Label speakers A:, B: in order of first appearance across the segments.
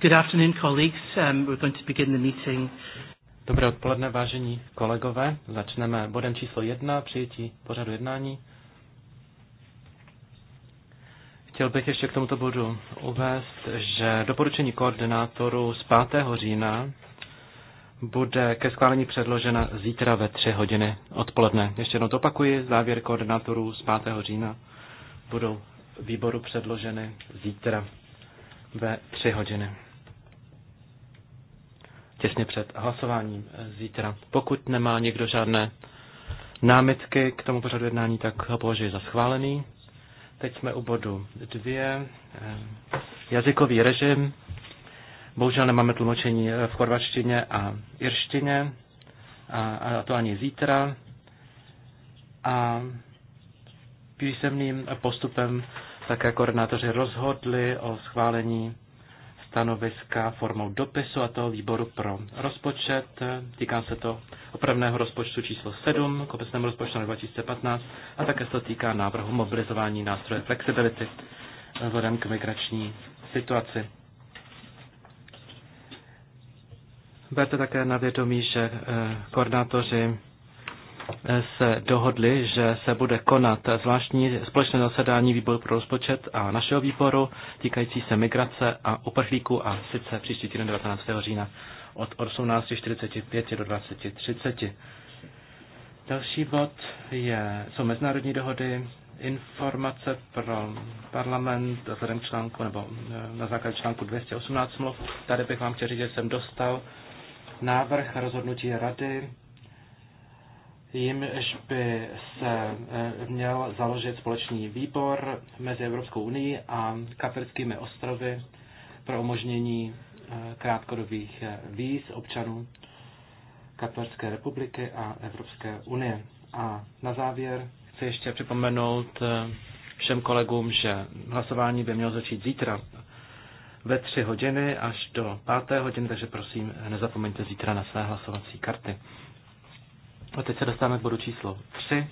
A: Good afternoon, colleagues. Um, we're going to begin the meeting. Dobré odpoledne, vážení kolegové. Začneme bodem číslo jedna, přijetí pořadu jednání. Chtěl bych ještě k tomuto bodu uvést, že doporučení koordinátoru z 5. října bude ke schválení předložena zítra ve 3 hodiny odpoledne. Ještě jednou to opakuji, závěr koordinátorů z 5. října budou výboru předloženy zítra ve 3 hodiny těsně před hlasováním eh, zítra. Pokud nemá někdo žádné námitky k tomu pořadu jednání, tak ho považuji za schválený. Teď jsme u bodu dvě. Eh, jazykový režim. Bohužel nemáme tlumočení eh, v chorvačtině a irštině, a, a to ani zítra. A písemným postupem také koordinátoři rozhodli o schválení stanoviska formou dopisu a toho výboru pro rozpočet. Týká se to opravného rozpočtu číslo 7 k obecnému rozpočtu na 2015 a také se to týká návrhu mobilizování nástroje flexibility vzhledem k migrační situaci. Berte také na vědomí, že eh, koordinátoři se dohodli, že se bude konat zvláštní společné zasedání výboru pro rozpočet a našeho výboru týkající se migrace a uprchlíků a sice příští týden 19. října od 18.45 do 20.30. Další bod je, jsou mezinárodní dohody, informace pro parlament vzhledem článku nebo eh, na základě článku 218 smluv. Tady bych vám chtěl říct, že jsem dostal návrh rozhodnutí rady jimž by se eh, měl založit společný výbor mezi Evropskou unii a Kapverskými ostrovy pro umožnění eh, krátkodobých eh, víz občanů Kapverské republiky a Evropské unie. A na závěr chci ještě připomenout všem kolegům, že hlasování by mělo začít zítra ve tři hodiny až do páté hodiny, takže prosím, nezapomeňte zítra na své hlasovací karty. A teď se dostáváme k bodu číslo 3,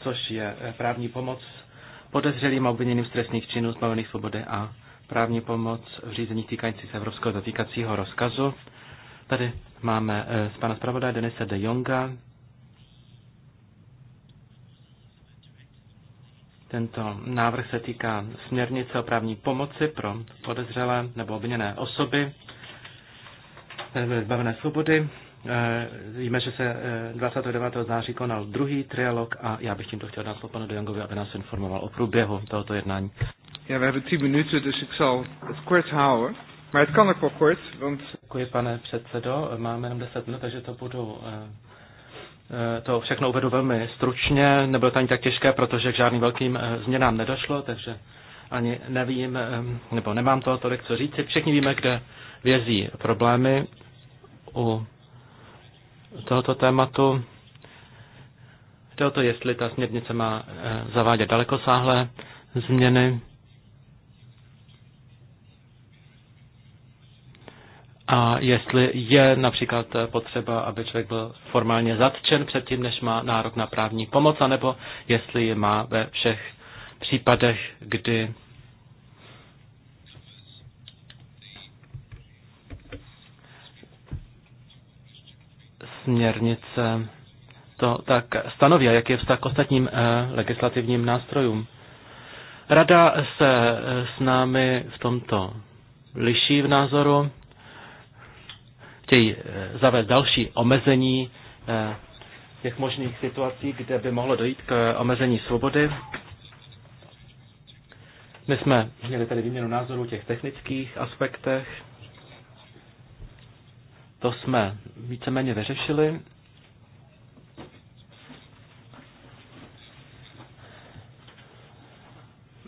A: což je eh, právní pomoc podezřelým a obviněným z trestných činů zbavených svobody a právní pomoc v řízení týkající se evropského zatýkacího rozkazu. Tady máme eh, z pana zpravodaje Denise de Jonga. Tento návrh se týká směrnice o právní pomoci pro podezřelé nebo obviněné osoby, které eh, byly zbavené svobody. Eh, víme, že se 29. Eh, září konal druhý trialog a já bych tímto chtěl dát slovo panu Dejongovi, aby nás informoval o průběhu tohoto jednání. Ja, we hebben tři minuty, dus ik zal het kort houden. Maar het kan ook wel kort, want... Děkuji, pane předsedo. Máme jenom 10 minut, takže to budu... Eh, to všechno uvedu velmi stručně. Nebylo to ani tak těžké, protože k žádným velkým změnám nedošlo, takže ani nevím, nebo nemám toho tolik co říci. Všichni víme, kde vězí problémy u tohoto tématu. Jde o to, jestli ta směrnice má eh, zavádět dalekosáhlé změny. A jestli je například potřeba, aby člověk byl formálně zatčen předtím, než má nárok na právní pomoc, anebo jestli je má ve všech případech, kdy směrnice to tak stanoví a jak je vztah k ostatním eh, legislativním nástrojům. Rada se eh, s námi v tomto liší v názoru. Chtějí eh, zavést další omezení těch možných situací, kde by mohlo dojít k omezení svobody. My jsme měli tady výměnu názoru o těch technických aspektech to jsme víceméně vyřešili.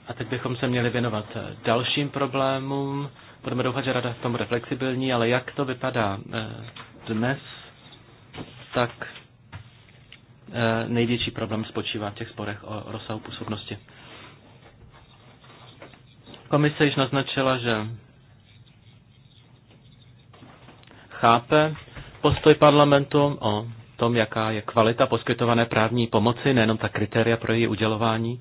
A: A teď bychom se měli věnovat dalším problémům. Budeme doufat, že rada v tom bude flexibilní, ale jak to vypadá eh, dnes, tak eh, největší problém spočívá v těch sporech o rozsahu působnosti. Komise již naznačila, že chápe postoj parlamentu o tom, jaká je kvalita poskytované právní pomoci, nejenom ta kritéria pro její udělování.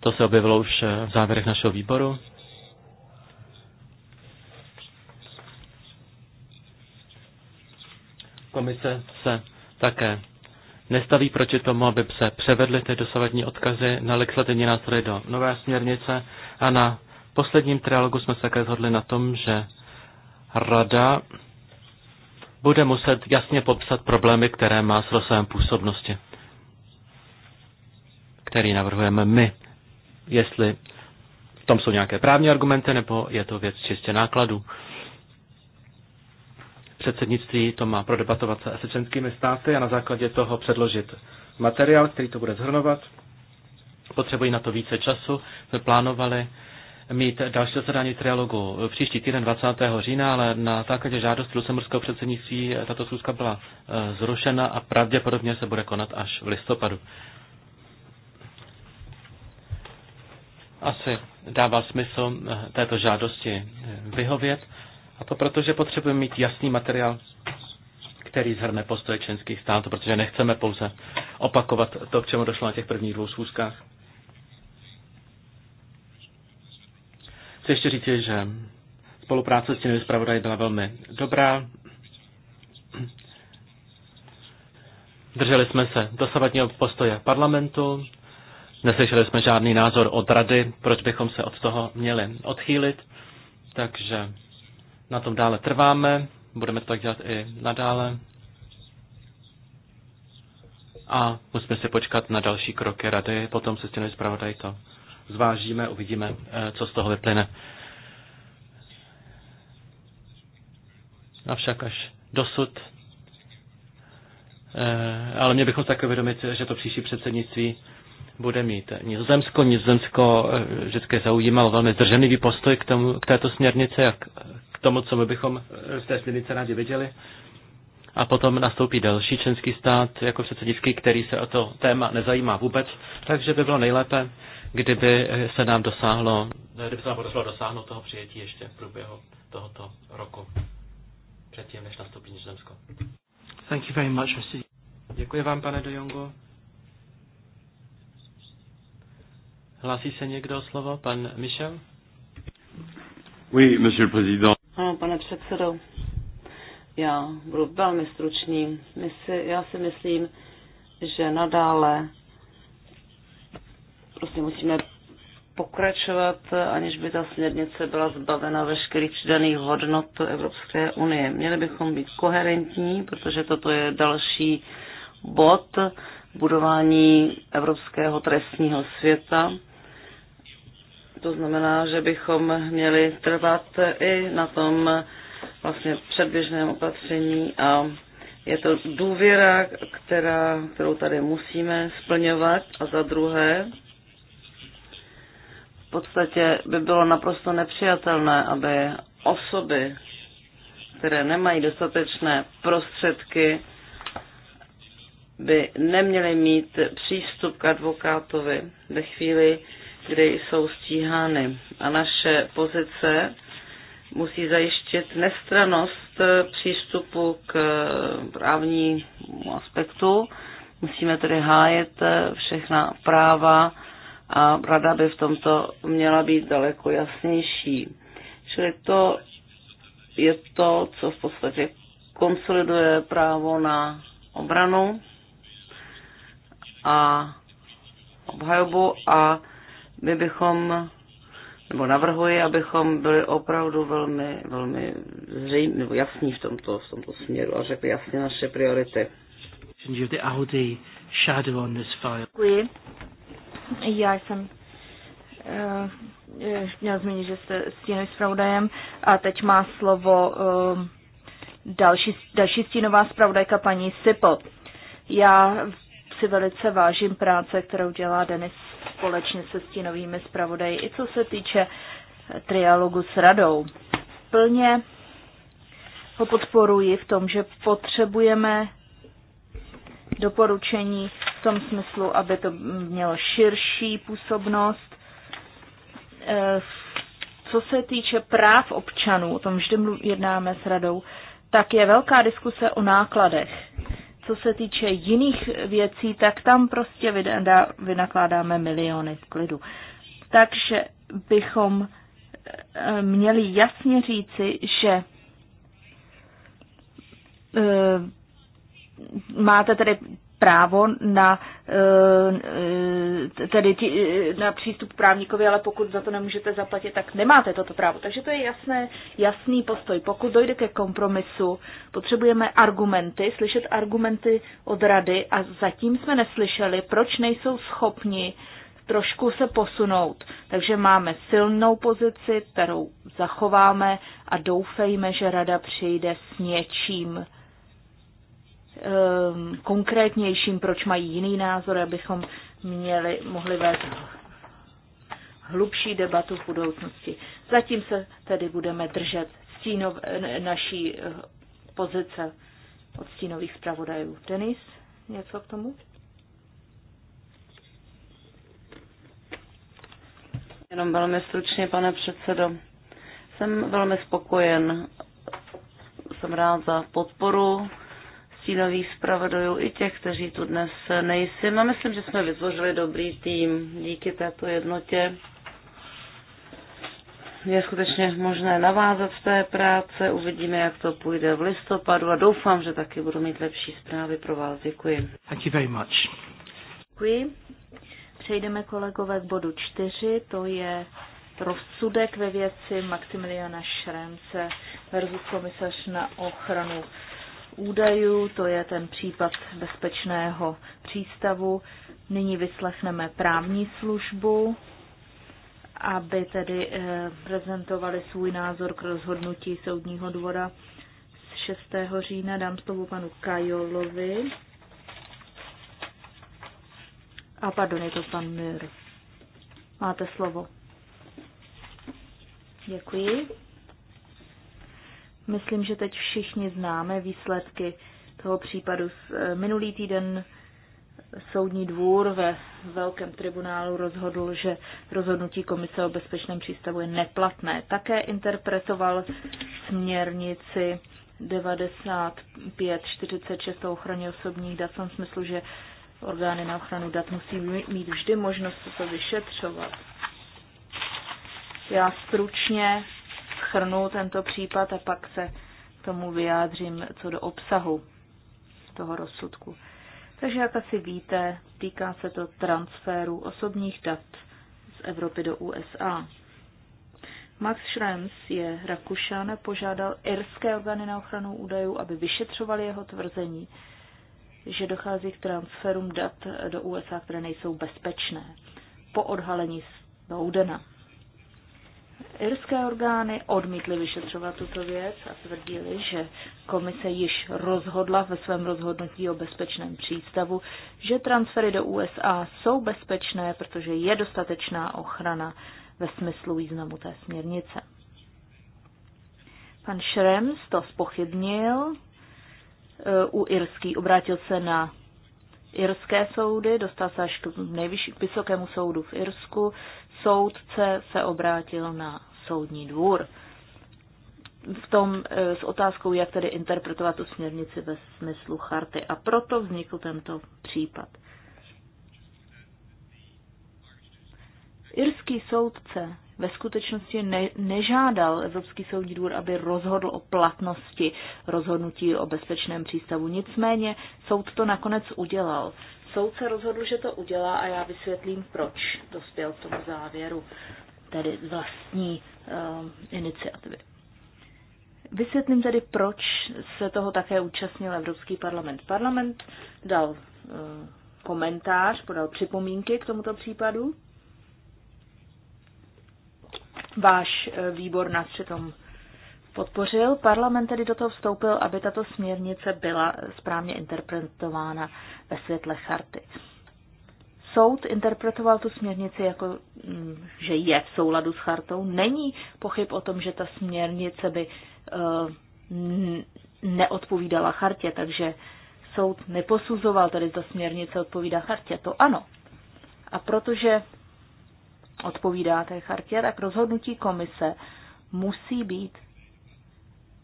A: To se objevilo už v závěrech našeho výboru. Komise se také nestaví proti tomu, aby se převedly ty dosavadní odkazy na legislativní nástroje do nové směrnice a na posledním trialogu jsme se také zhodli na tom, že Rada bude muset jasně popsat problémy, které má s rozsahem působnosti, který navrhujeme my. Jestli v tom jsou nějaké právní argumenty, nebo je to věc čistě nákladů. Předsednictví to má prodebatovat se členskými státy a na základě toho předložit materiál, který to bude zhrnovat. Potřebují na to více času, jsme plánovali mít další zasedání trialogu příští týden 20. října, ale na základě žádosti Lucemburského předsednictví tato schůzka byla e, zrušena a pravděpodobně se bude konat až v listopadu. Asi dává smysl e, této žádosti e, vyhovět, a to proto, že potřebujeme mít jasný materiál, který zhrne postoje členských států, protože nechceme pouze opakovat to, k čemu došlo na těch prvních dvou schůzkách. Chci ještě říct, že spolupráce s těmi zpravodaji byla velmi dobrá. Drželi jsme se dosavadního postoje parlamentu, neslyšeli jsme žádný názor od rady, proč bychom se od toho měli odchýlit, takže na tom dále trváme, budeme to tak dělat i nadále a musíme si počkat na další kroky rady, potom se těmi zpravodaj to zvážíme, uvidíme, eh, co z toho vyplyne. Avšak až dosud. Eh, ale mě bychom také uvědomit, že to příští předsednictví bude mít Nizozemsko. Nizozemsko eh, vždycky zaujímalo velmi zdrženlivý postoj k, tomu, k této směrnici a k tomu, co my bychom z té směrnice rádi viděli. A potom nastoupí další členský stát jako předsednický, který se o to téma nezajímá vůbec. Takže by bylo nejlépe, kdyby se nám dosáhlo, kdyby se nám podařilo dosáhnout toho přijetí ještě v průběhu tohoto roku, předtím, než nastoupí Nizozemsko. Thank you very much, Mr. Děkuji vám, pane De Jongo. Hlásí se někdo o slovo? Pan Michel?
B: Oui, monsieur le président.
C: Ano, pane předsedo. Já budu velmi stručný. My si, já si myslím, že nadále prostě musíme pokračovat, aniž by ta směrnice byla zbavena veškerých přidaných hodnot Evropské unie. Měli bychom být koherentní, protože toto je další bod budování evropského trestního světa. To znamená, že bychom měli trvat i na tom vlastně předběžném opatření a je to důvěra, která, kterou tady musíme splňovat a za druhé podstatě by bylo naprosto nepřijatelné, aby osoby, které nemají dostatečné prostředky, by neměly mít přístup k advokátovi ve chvíli, kdy jsou stíhány. A naše pozice musí zajištit nestranost přístupu k právnímu aspektu. Musíme tedy hájet všechna práva a rada by v tomto měla být daleko jasnější. Čili to je to, co v podstatě konsoliduje právo na obranu a obhajobu a my bychom, nebo navrhuji, abychom byli opravdu velmi, velmi zřejmě, nebo jasní v tomto, v tomto směru a řekli jasně naše priority.
B: Děkuji.
D: Já jsem uh, měl zmínit, že jste s Fraudajem a teď má slovo uh, další, další stínová zpravodajka paní Sipo. Já si velice vážím práce, kterou dělá Denis společně se stínovými zpravodaji, i co se týče trialogu s radou. Plně ho podporuji v tom, že potřebujeme doporučení v tom smyslu, aby to mělo širší působnost. Eh, co se týče práv občanů, o tom vždy jednáme s radou, tak je velká diskuse o nákladech. Co se týče jiných věcí, tak tam prostě vynakládáme miliony v klidu. Takže bychom eh, měli jasně říci, že eh, máte tedy právo na, eh, eh, tedy eh, na přístup právníkovi, ale pokud za to nemůžete zaplatit, tak nemáte toto právo. Takže to je jasné, jasný postoj. Pokud dojde ke kompromisu, potřebujeme argumenty, slyšet argumenty od rady a zatím jsme neslyšeli, proč nejsou schopni trošku se posunout. Takže máme silnou pozici, kterou zachováme a doufejme, že rada přijde s něčím, Ehm, konkrétnějším, proč mají jiný názor, abychom měli, mohli vést hlubší debatu v budoucnosti. Zatím se tedy budeme držet stínov, eh, naší eh, pozice od stínových zpravodajů. Denis, něco k tomu? Jenom velmi
C: stručně, pane předsedo. Jsem velmi spokojen. Jsem rád za podporu stínových zpravodajů i těch, kteří tu dnes nejsou. A no, myslím, že jsme vytvořili dobrý tým díky této jednotě. Je skutečně možné navázat v té práce, uvidíme, jak to půjde v listopadu a doufám, že taky budu mít lepší zprávy pro vás. Děkuji.
B: Thank you very much.
D: Děkuji. Přejdeme kolegové k bodu čtyři, to je rozsudek ve věci Maximiliana Šremce versus komisař na ochranu údajů, to je ten případ bezpečného přístavu. Nyní vyslechneme právní službu, aby tedy eh, prezentovali svůj názor k rozhodnutí soudního dvora z 6. října. Dám slovo panu Kajolovi. A pardon, je to pan Mir. Máte slovo. Děkuji. Myslím, že teď všichni známe výsledky toho případu. Eh, minulý týden Soudní dvůr ve velkém tribunálu rozhodl, že rozhodnutí Komise o bezpečném přístavu je neplatné. Také interpretoval směrnici 9546 o ochraně osobních dat v tom smyslu, že orgány na ochranu dat musí mít vždy možnost to vyšetřovat. Já stručně schrnu tento případ a pak se k tomu vyjádřím co do obsahu toho rozsudku. Takže jak asi víte, týká se to transferu osobních dat z Evropy do USA. Max Schrems je Rakušan a požádal irské orgány na ochranu údajů, aby vyšetřovali jeho tvrzení, že dochází k transferům dat do USA, které nejsou bezpečné, po odhalení Snowdena. Irské orgány odmítly vyšetřovat tuto věc a tvrdili, že komise již rozhodla ve svém rozhodnutí o bezpečném přístavu, že transfery do USA jsou bezpečné, protože je dostatečná ochrana ve smyslu významu té směrnice. Pan Schrems to spochybnil eh, u irský, obrátil se na irské soudy, dostal se až k nejvyšší k vysokému soudu v Irsku, soudce se obrátil na soudní dvůr v tom e, s otázkou, jak tedy interpretovat tu směrnici ve smyslu charty. A proto vznikl tento případ. Irský soudce ve skutečnosti ne, nežádal Evropský soudní dvůr, aby rozhodl o platnosti rozhodnutí o bezpečném přístavu. Nicméně soud to nakonec udělal se rozhodl, že to udělá a já vysvětlím, proč dospěl k tomu závěru, tedy vlastní um, iniciativy. Vysvětlím tedy, proč se toho také účastnil Evropský parlament. Parlament dal um, komentář, podal připomínky k tomuto případu. Váš eh, výbor nás přitom podpořil. Parlament tedy do toho vstoupil, aby tato směrnice byla správně interpretována ve světle charty. Soud interpretoval tu směrnici jako, mm, že je v souladu s chartou. Není pochyb o tom, že ta směrnice by eh, neodpovídala chartě, takže soud neposuzoval tedy, zda směrnice odpovídá chartě. To ano. A protože odpovídá té chartě, tak rozhodnutí komise musí být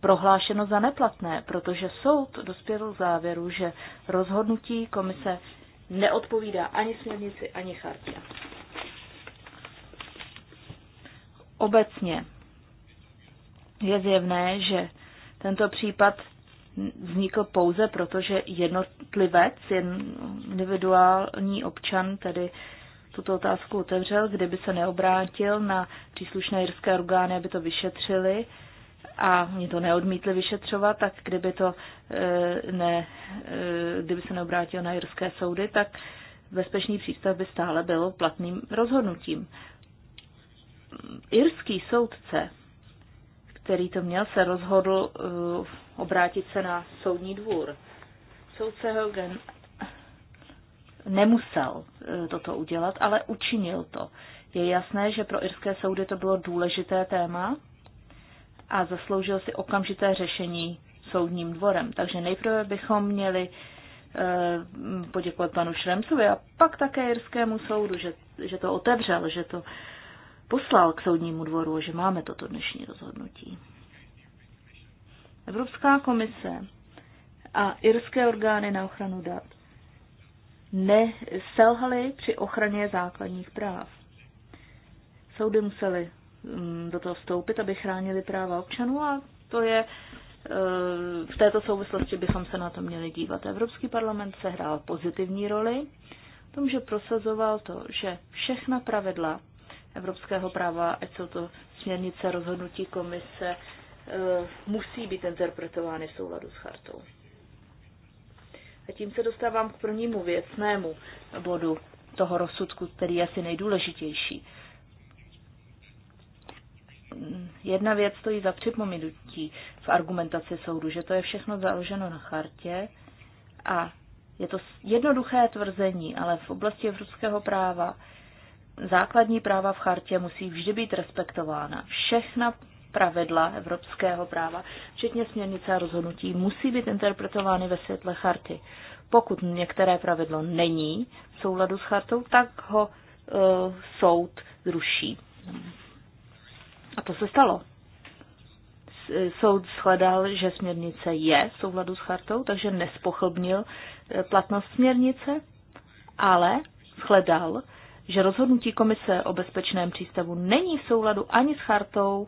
D: prohlášeno za neplatné, protože soud dospěl k závěru, že rozhodnutí komise neodpovídá ani směrnici, ani chartě. Obecně je zjevné, že tento případ vznikl pouze proto, že jednotlivec, individuální občan tedy tuto otázku otevřel, kdyby se neobrátil na příslušné jirské orgány, aby to vyšetřili, a mě to neodmítli vyšetřovat, tak kdyby to e, ne, e, kdyby se neobrátil na jirské soudy, tak bezpečný přístav by stále byl platným rozhodnutím. Irský soudce, který to měl, se rozhodl e, obrátit se na soudní dvůr. Soudce Hogan nemusel toto udělat, ale učinil to. Je jasné, že pro irské soudy to bylo důležité téma, a zasloužil si okamžité řešení soudním dvorem. Takže nejprve bychom měli eh, poděkovat panu Šremcovi a pak také jirskému soudu, že, že to otevřel, že to poslal k soudnímu dvoru, že máme toto dnešní rozhodnutí. Evropská komise a irské orgány na ochranu dat neselhaly při ochraně základních práv. Soudy musely Mm, do toho vstoupit, aby chránili práva občanů a to je eh, v této souvislosti bychom se na to měli dívat. Evropský parlament sehrál pozitivní roli v tom, že prosazoval to, že všechna pravidla evropského práva, ať jsou to směrnice, rozhodnutí komise, eh, musí být interpretovány v souladu s chartou. A tím se dostávám k prvnímu věcnému bodu toho rozsudku, který je asi nejdůležitější jedna věc stojí za připomenutí v argumentaci soudu, že to je všechno založeno na chartě a je to jednoduché tvrzení, ale v oblasti evropského práva základní práva v chartě musí vždy být respektována. Všechna pravidla evropského práva, včetně směrnice a rozhodnutí, musí být interpretovány ve světle charty. Pokud některé pravidlo není v souladu s chartou, tak ho e, soud zruší a to se stalo. Eh, soud shledal, že směrnice je v souladu s chartou, takže nespochybnil eh, platnost směrnice, ale shledal, že rozhodnutí komise o bezpečném přístavu není v souladu ani s chartou,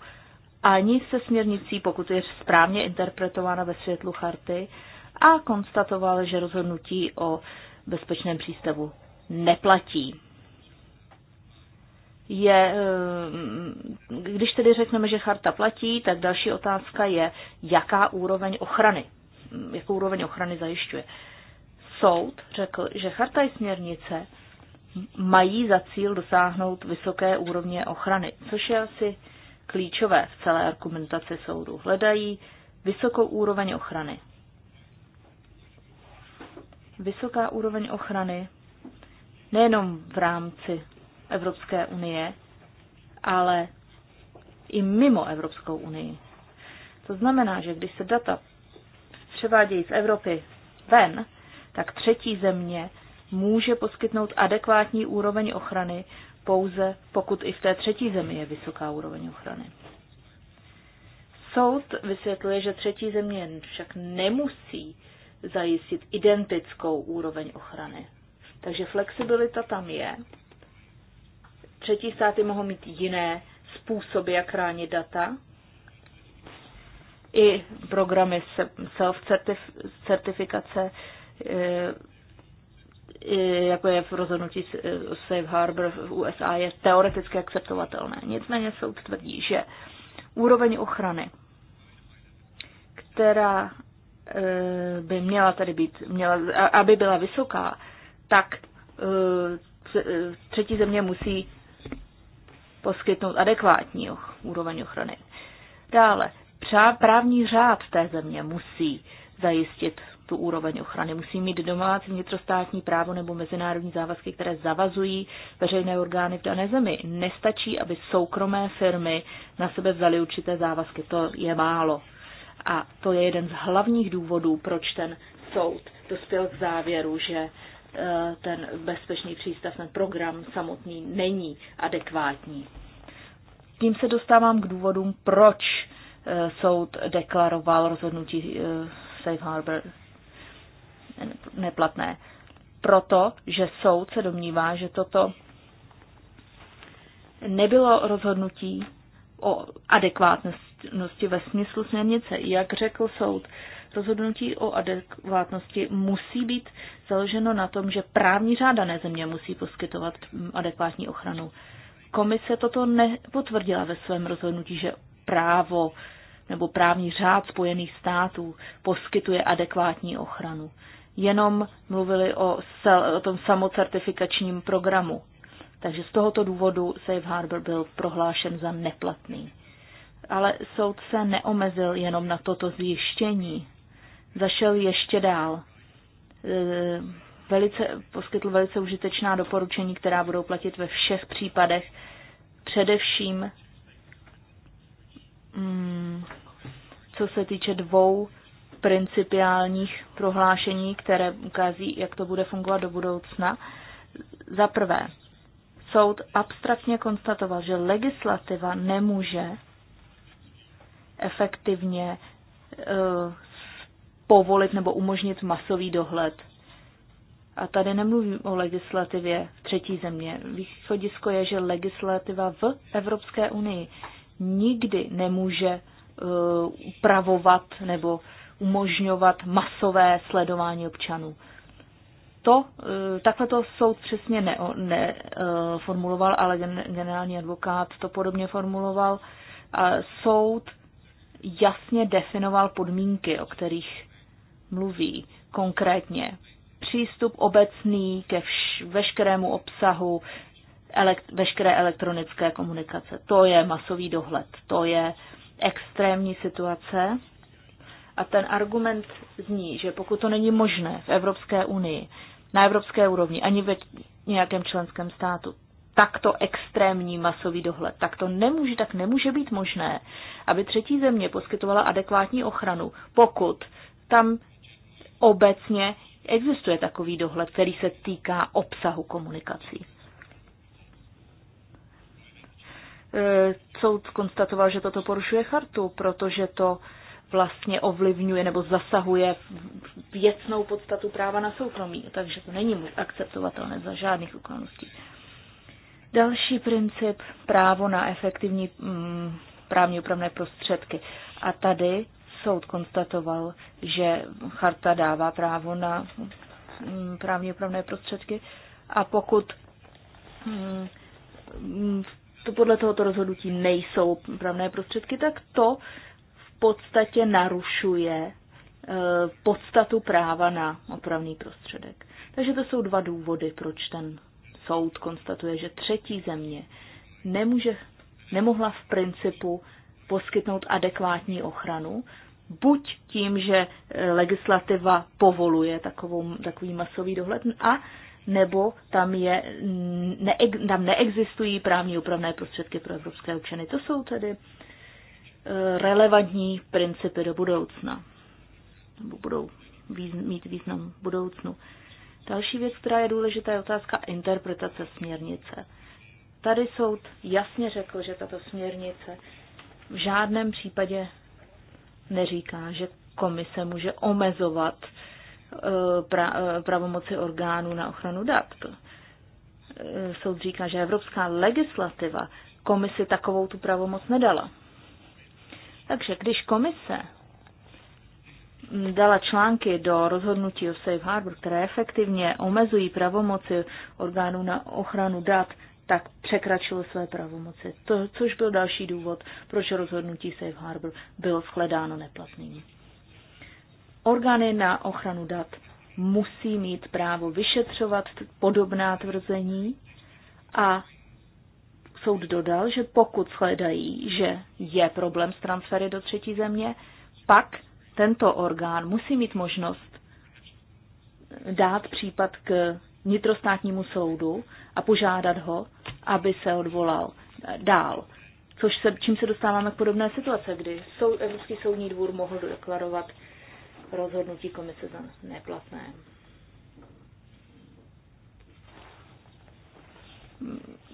D: ani se směrnicí, pokud je správně interpretována ve světlu charty, a konstatoval, že rozhodnutí o bezpečném přístavu neplatí je, eh, když tedy řekneme, že charta platí, tak další otázka je, jaká úroveň ochrany, jakou úroveň ochrany zajišťuje. Soud řekl, že charta i směrnice mají za cíl dosáhnout vysoké úrovně ochrany, což je asi klíčové v celé argumentaci soudu. Hledají vysokou úroveň ochrany. Vysoká úroveň ochrany nejenom v rámci Evropské unie, ale i mimo Evropskou unii. To znamená, že když se data převádějí z Evropy ven, tak třetí země může poskytnout adekvátní úroveň ochrany pouze pokud i v té třetí zemi je vysoká úroveň ochrany. Soud vysvětluje, že třetí země však nemusí zajistit identickou úroveň ochrany. Takže flexibilita tam je Třetí státy mohou mít jiné způsoby, jak chránit data. I programy self-certifikace, eh, jako je v rozhodnutí eh, Safe Harbor v USA, je teoreticky akceptovatelné. Nicméně soud tvrdí, že úroveň ochrany, která eh, by měla tady být, měla, aby byla vysoká, tak třetí země musí poskytnout adekvátní och, úroveň ochrany. Dále, právní řád té země musí zajistit tu úroveň ochrany. Musí mít domácí vnitrostátní právo nebo mezinárodní závazky, které zavazují veřejné orgány v dané zemi. Nestačí, aby soukromé firmy na sebe vzaly určité závazky. To je málo. A to je jeden z hlavních důvodů, proč ten soud dospěl k závěru, že Eh, ten bezpečný přístav, ten program samotný není adekvátní. Tím se dostávám k důvodům, proč eh, soud deklaroval rozhodnutí eh, Safe Harbor neplatné. Proto, že soud se domnívá, že toto nebylo rozhodnutí o adekvátnosti ve smyslu směrnice. Jak řekl soud, Rozhodnutí o adekvátnosti musí být založeno na tom, že právní řád dané země musí poskytovat adekvátní ochranu. Komise toto nepotvrdila ve svém rozhodnutí, že právo nebo právní řád Spojených států poskytuje adekvátní ochranu. Jenom mluvili o, o tom samocertifikačním programu. Takže z tohoto důvodu Safe Harbor byl prohlášen za neplatný. Ale soud se neomezil jenom na toto zjištění zašel ještě dál. E, velice, poskytl velice užitečná doporučení, která budou platit ve všech případech, především mm, co se týče dvou principiálních prohlášení, které ukází, jak to bude fungovat do budoucna. Za prvé, soud abstraktně konstatoval, že legislativa nemůže efektivně e, povolit nebo umožnit masový dohled. A tady nemluvím o legislativě v třetí země. Východisko je, že legislativa v Evropské unii nikdy nemůže uh, upravovat nebo umožňovat masové sledování občanů. To, uh, takhle to soud přesně neformuloval, ne, uh, ale generální advokát to podobně formuloval. Soud jasně definoval podmínky, o kterých mluví konkrétně. Přístup obecný ke vš- veškerému obsahu elekt- veškeré elektronické komunikace. To je masový dohled, to je extrémní situace. A ten argument zní, že pokud to není možné v Evropské unii, na evropské úrovni, ani ve nějakém členském státu, takto extrémní masový dohled, tak to nemůže, tak nemůže být možné, aby třetí země poskytovala adekvátní ochranu, pokud tam obecně existuje takový dohled, který se týká obsahu komunikací. E, soud konstatoval, že toto porušuje chartu, protože to vlastně ovlivňuje nebo zasahuje věcnou podstatu práva na soukromí, takže to není akceptovatelné za žádných okolností. Další princip právo na efektivní mm, právně upravné prostředky. A tady soud konstatoval, že charta dává právo na mm, právně opravné prostředky a pokud mm, to podle tohoto rozhodnutí nejsou právné prostředky, tak to v podstatě narušuje e, podstatu práva na opravný prostředek. Takže to jsou dva důvody, proč ten soud konstatuje, že třetí země nemůže, nemohla v principu poskytnout adekvátní ochranu, buď tím, že eh, legislativa povoluje takovou, takový masový dohled, a nebo tam, je, ne, tam neexistují právní upravné prostředky pro evropské občany. To jsou tedy eh, relevantní principy do budoucna. Nebo budou mít význam v budoucnu. Další věc, která je důležitá, je otázka interpretace směrnice. Tady soud jasně řekl, že tato směrnice v žádném případě neříká, že komise může omezovat eh, pra, eh, pravomoci orgánů na ochranu dat. Eh, soud říká, že evropská legislativa komisi takovou tu pravomoc nedala. Takže když komise dala články do rozhodnutí o Safe Harbor, které efektivně omezují pravomoci orgánů na ochranu dat, tak překračilo své pravomoci, to, což byl další důvod, proč rozhodnutí Safe Harbor bylo shledáno neplatným. Orgány na ochranu dat musí mít právo vyšetřovat podobná tvrzení a soud dodal, že pokud shledají, že je problém s transfery do třetí země, pak tento orgán musí mít možnost dát případ k nitrostátnímu soudu a požádat ho, aby se odvolal dál. Což se, čím se dostáváme k podobné situace, kdy sou, Evropský soudní dvůr mohl deklarovat rozhodnutí komise za neplatné.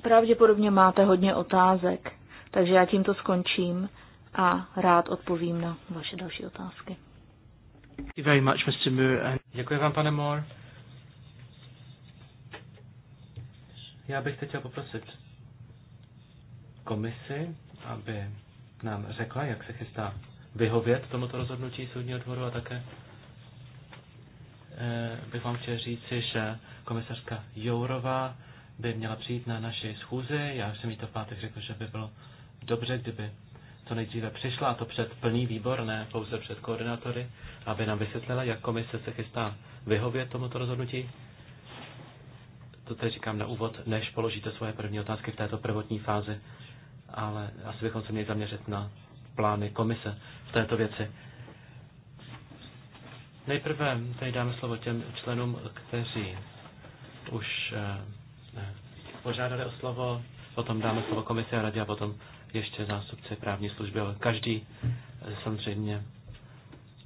D: Pravděpodobně máte hodně otázek, takže já tímto skončím a rád odpovím na vaše další otázky.
B: Děkuji vám, pane Moore.
A: Já bych teď chtěl poprosit komisi, aby nám řekla, jak se chystá vyhovět tomuto rozhodnutí soudního dvoru a také eh, bych vám chtěl říci, že komisařka Jourová by měla přijít na naši schůzi. Já jsem jí to v pátek řekl, že by bylo dobře, kdyby co nejdříve přišla, a to před plný výbor, ne pouze před koordinátory, aby nám vysvětlila, jak komise se chystá vyhovět tomuto rozhodnutí to tady říkám na úvod, než položíte svoje první otázky v této prvotní fázi, ale asi bychom se měli zaměřit na plány komise v této věci. Nejprve tady dáme slovo těm členům, kteří už eh, požádali o slovo, potom dáme slovo komisi a radě a potom ještě zástupci právní služby, ale každý eh, samozřejmě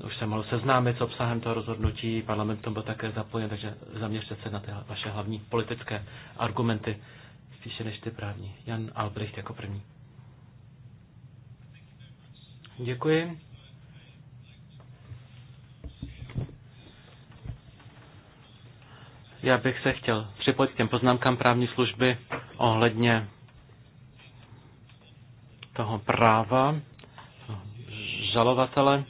A: už se mohl seznámit s obsahem toho rozhodnutí, parlament tom byl také zapojen, takže zaměřte se na ty vaše hlavní politické argumenty, spíše než ty právní. Jan Albrecht jako první. Děkuji. Já bych se chtěl připojit k těm poznámkám právní služby ohledně toho práva žalovatele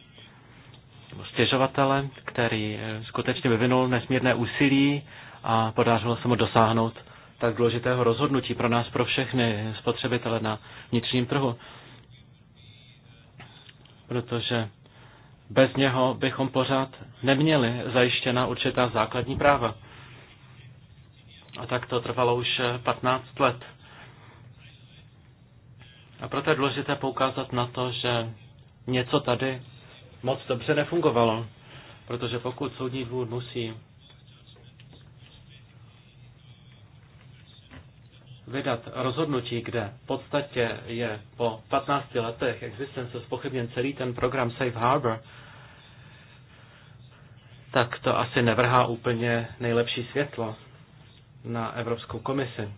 A: stěžovatele, který eh, skutečně vyvinul nesmírné úsilí a podařilo se mu dosáhnout tak důležitého rozhodnutí pro nás, pro všechny spotřebitele na vnitřním trhu. Protože bez něho bychom pořád neměli zajištěna určitá základní práva. A tak to trvalo už 15 eh, let. A proto je důležité poukázat na to, že něco tady moc dobře nefungovalo. Protože pokud soudní dvůr musí vydat rozhodnutí, kde v podstatě je po 15 letech existence spochybněn celý ten program Safe Harbor, tak to asi nevrhá úplně nejlepší světlo na Evropskou komisi.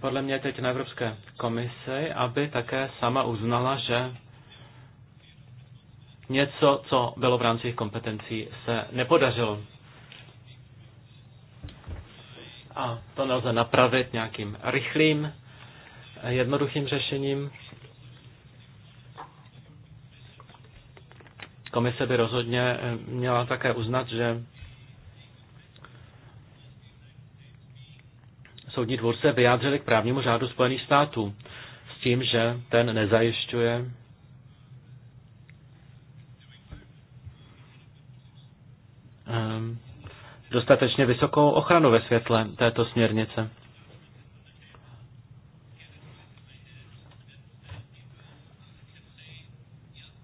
A: Podle mě teď na Evropské komisi, aby také sama uznala, že něco, co bylo v rámci jejich kompetencí, se nepodařilo. A to nelze napravit nějakým rychlým, jednoduchým řešením. Komise by rozhodně eh, měla také uznat, že soudní dvůr se vyjádřili k právnímu řádu Spojených států s tím, že ten nezajišťuje dostatečně vysokou ochranu ve světle této směrnice.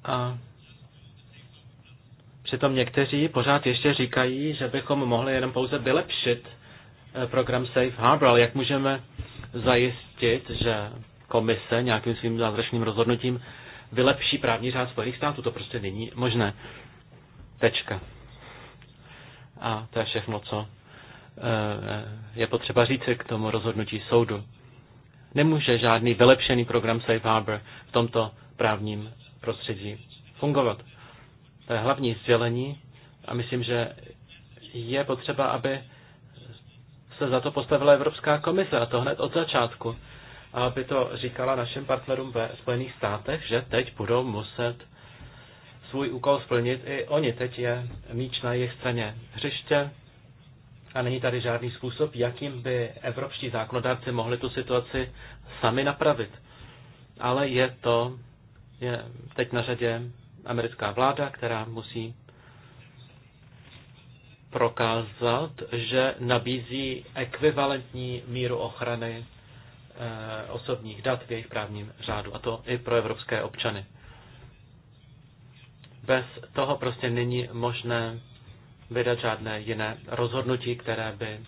A: A přitom někteří pořád ještě říkají, že bychom mohli jenom pouze vylepšit eh, program Safe Harbor, ale jak můžeme zajistit, že komise nějakým svým zázračným rozhodnutím vylepší právní řád Spojených států. To prostě není možné. Tečka. A to je všechno, co eh, je potřeba říct, k tomu rozhodnutí soudu. Nemůže žádný vylepšený program Safe Harbor v tomto právním prostředí fungovat. To je hlavní sdělení a myslím, že je potřeba, aby se za to postavila Evropská komise a to hned od začátku. Aby to říkala našim partnerům ve Spojených státech, že teď budou muset svůj úkol splnit. I oni teď je míč na jejich straně hřiště a není tady žádný způsob, jakým by evropští zákonodárci mohli tu situaci sami napravit. Ale je to je teď na řadě americká vláda, která musí prokázat, že nabízí ekvivalentní míru ochrany eh, osobních dat v jejich právním řádu, a to i pro evropské občany. Bez toho prostě není možné vydat žádné jiné rozhodnutí, které by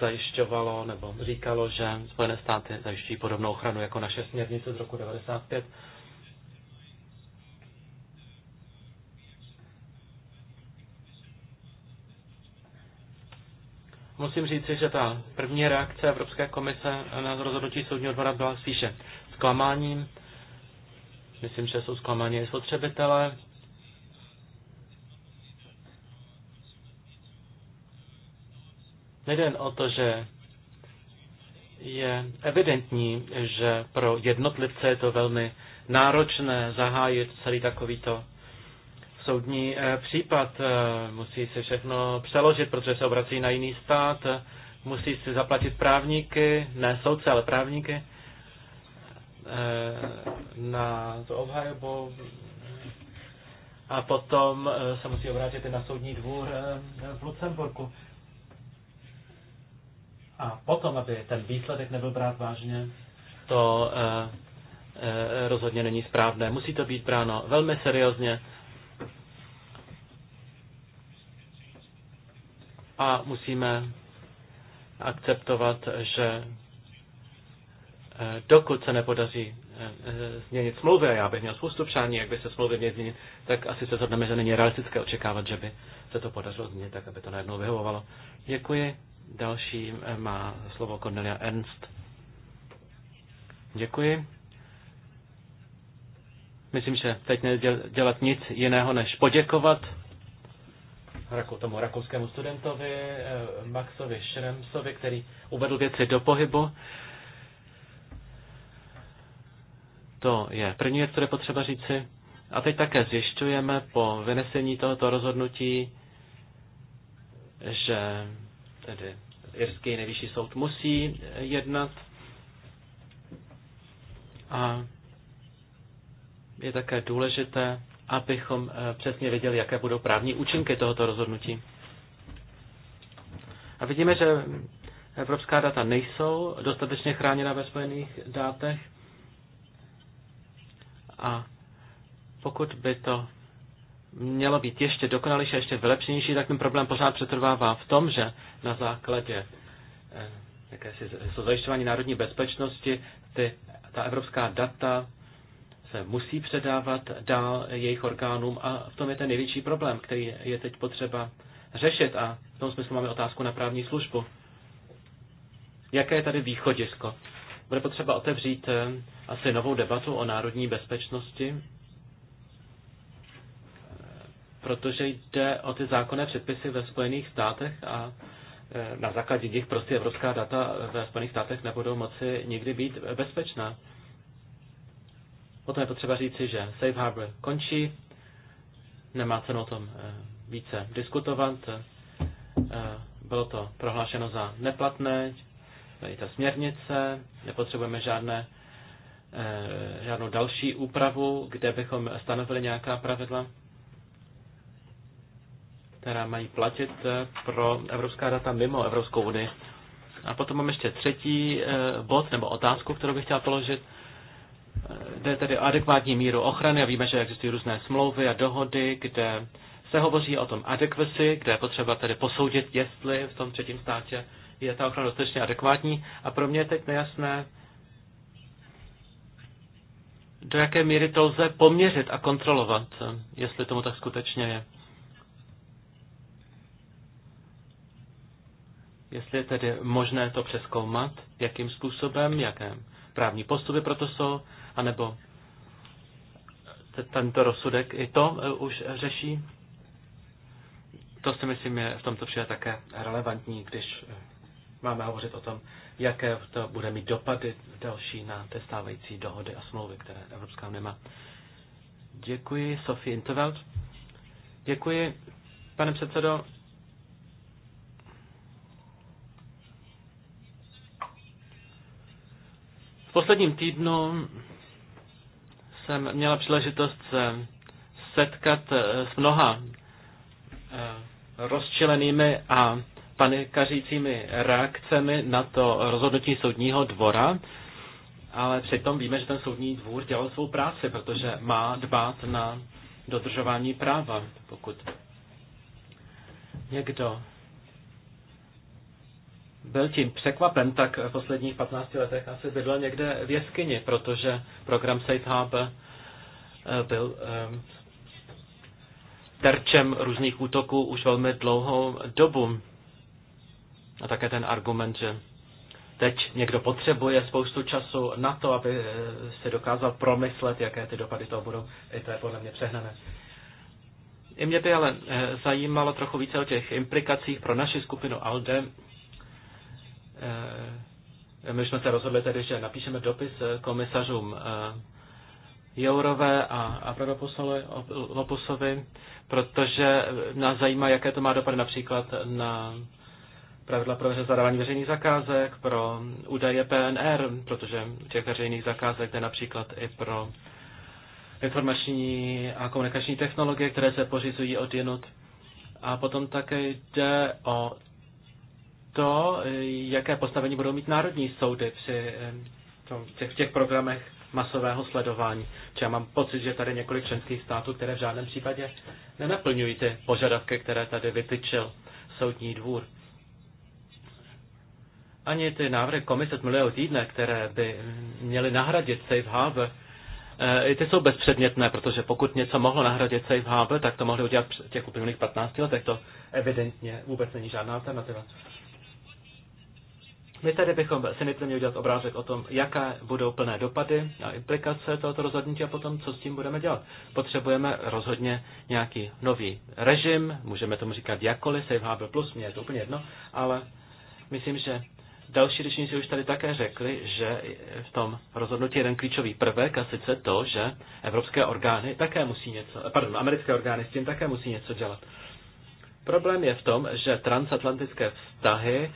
A: zajišťovalo nebo říkalo, že Spojené státy zajišťují podobnou ochranu jako naše směrnice z roku 95. Musím říci, že ta první reakce Evropské komise na rozhodnutí soudního dvora byla spíše zklamáním. Myslím, že jsou zklamáni i spotřebitelé, Nejde jen o to, že je evidentní, že pro jednotlivce je to velmi náročné zahájit celý takovýto soudní eh, případ. Eh, musí se všechno přeložit, protože se obrací na jiný stát, musí si zaplatit právníky, ne soudce, ale právníky eh, na to obhajobu a potom se musí obrátit i na soudní dvůr v Lucemburku. A potom, aby ten výsledek nebyl brát vážně, to e, e, rozhodně není správné. Musí to být bráno velmi seriózně a musíme akceptovat, že eh, dokud se nepodaří změnit smlouvy, a já bych měl spoustu přání, jak by se smlouvy měly změnit, tak asi se shodneme, že není realistické očekávat, že by se to podařilo změnit, tak aby to najednou vyhovovalo. Děkuji. Další eh, má slovo Cornelia Ernst. Děkuji. Myslím, že teď dělat nic jiného, než poděkovat tomu rakouskému studentovi eh, Maxovi Šremsovi, který uvedl věci do pohybu. To je první věc, které je potřeba říci. A teď také zjišťujeme po vynesení tohoto rozhodnutí, že tedy irský nejvyšší soud musí jednat a je také důležité, abychom eh, přesně věděli, jaké budou právní účinky tohoto rozhodnutí. A vidíme, že evropská data nejsou dostatečně chráněna ve spojených dátech a pokud by to mělo být ještě dokonalejší, ještě vylepšenější, tak ten problém pořád přetrvává v tom, že na základě eh, jakési zajišťování národní bezpečnosti ty, ta evropská data se musí předávat dál jejich orgánům a v tom je ten největší problém, který je teď potřeba řešit a v tom smyslu máme otázku na právní službu. Jaké je tady východisko? Bude potřeba otevřít eh, asi novou debatu o národní bezpečnosti, protože jde o ty zákonné předpisy ve Spojených státech a e, na základě nich prostě evropská data ve Spojených státech nebudou moci nikdy být bezpečná. Potom je potřeba říci, že Safe Harbor končí, nemá cenu o tom e, více diskutovat, e, bylo to prohlášeno za neplatné, tady ta směrnice, nepotřebujeme žádné, žádnou další úpravu, kde bychom stanovili nějaká pravidla která mají platit eh, pro evropská data mimo Evropskou unii. A potom mám ještě třetí eh, bod nebo otázku, kterou bych chtěl položit. Eh, jde tedy o adekvátní míru ochrany a víme, že existují různé smlouvy a dohody, kde se hovoří o tom adequacy, kde je potřeba tedy posoudit, jestli v tom třetím státě je ta ochrana dostatečně adekvátní. A pro mě je teď nejasné, do jaké míry to lze poměřit a kontrolovat, jestli tomu tak skutečně je. Jestli je tedy možné to přeskoumat, jakým způsobem, jaké právní postupy proto jsou, anebo tento rozsudek i to e, už řeší. To si myslím je v tomto případě také relevantní, když e, máme hovořit o tom, jaké to bude mít dopady další na té stávající dohody a smlouvy, které Evropská unie má. Děkuji, Sofie Intervelt. Děkuji, pane předsedo. posledním týdnu jsem měla příležitost se setkat eh, s mnoha eh, rozčilenými a panikařícími reakcemi na to rozhodnutí soudního dvora, ale přitom víme, že ten soudní dvůr dělal svou práci, protože má dbát na dodržování práva. Pokud někdo byl tím překvapen, tak v posledních 15 letech asi bydlel někde v jeskyni, protože program Safe Harbor eh, byl eh, terčem různých útoků už velmi dlouhou dobu. A také ten argument, že teď někdo potřebuje spoustu času na to, aby eh, se dokázal promyslet, jaké ty dopady toho budou, i to je podle mě přehnané. I mě by ale zajímalo trochu více o těch implikacích pro naši skupinu ALDE, Eh, my jsme se rozhodli tedy, že napíšeme dopis eh, komisařům eh, Jourové a Lopusovi, protože nás zajímá, jaké to má dopad například na pravidla pro zadávání veřejných zakázek, pro údaje PNR, protože těch veřejných zakázek je například i pro informační a komunikační technologie, které se pořizují od jednot, A potom také jde o to, eh, jaké postavení budou mít národní soudy při eh, tom, těch, těch programech masového sledování. Či já mám pocit, že tady několik členských států, které v žádném případě nenaplňují ty požadavky, které tady vytyčil soudní dvůr. Ani ty návrhy komise z minulého týdne, které by měly nahradit safe harbor, eh, i ty jsou bezpředmětné, protože pokud něco mohlo nahradit safe harbor, tak to mohli udělat v těch uplynulých 15 letech. To evidentně vůbec není žádná alternativa. My tady bychom si nejprve měli udělat obrázek o tom, jaké budou plné dopady a implikace tohoto rozhodnutí a potom, co s tím budeme dělat. Potřebujeme rozhodně nějaký nový režim, můžeme tomu říkat jakkoliv, Safe HB+, Plus, mě je to úplně jedno, ale myslím, že další řečníci už tady také řekli, že v tom rozhodnutí je jeden klíčový prvek a sice to, že evropské orgány také musí něco, pardon, americké orgány s tím také musí něco dělat. Problém je v tom, že transatlantické vztahy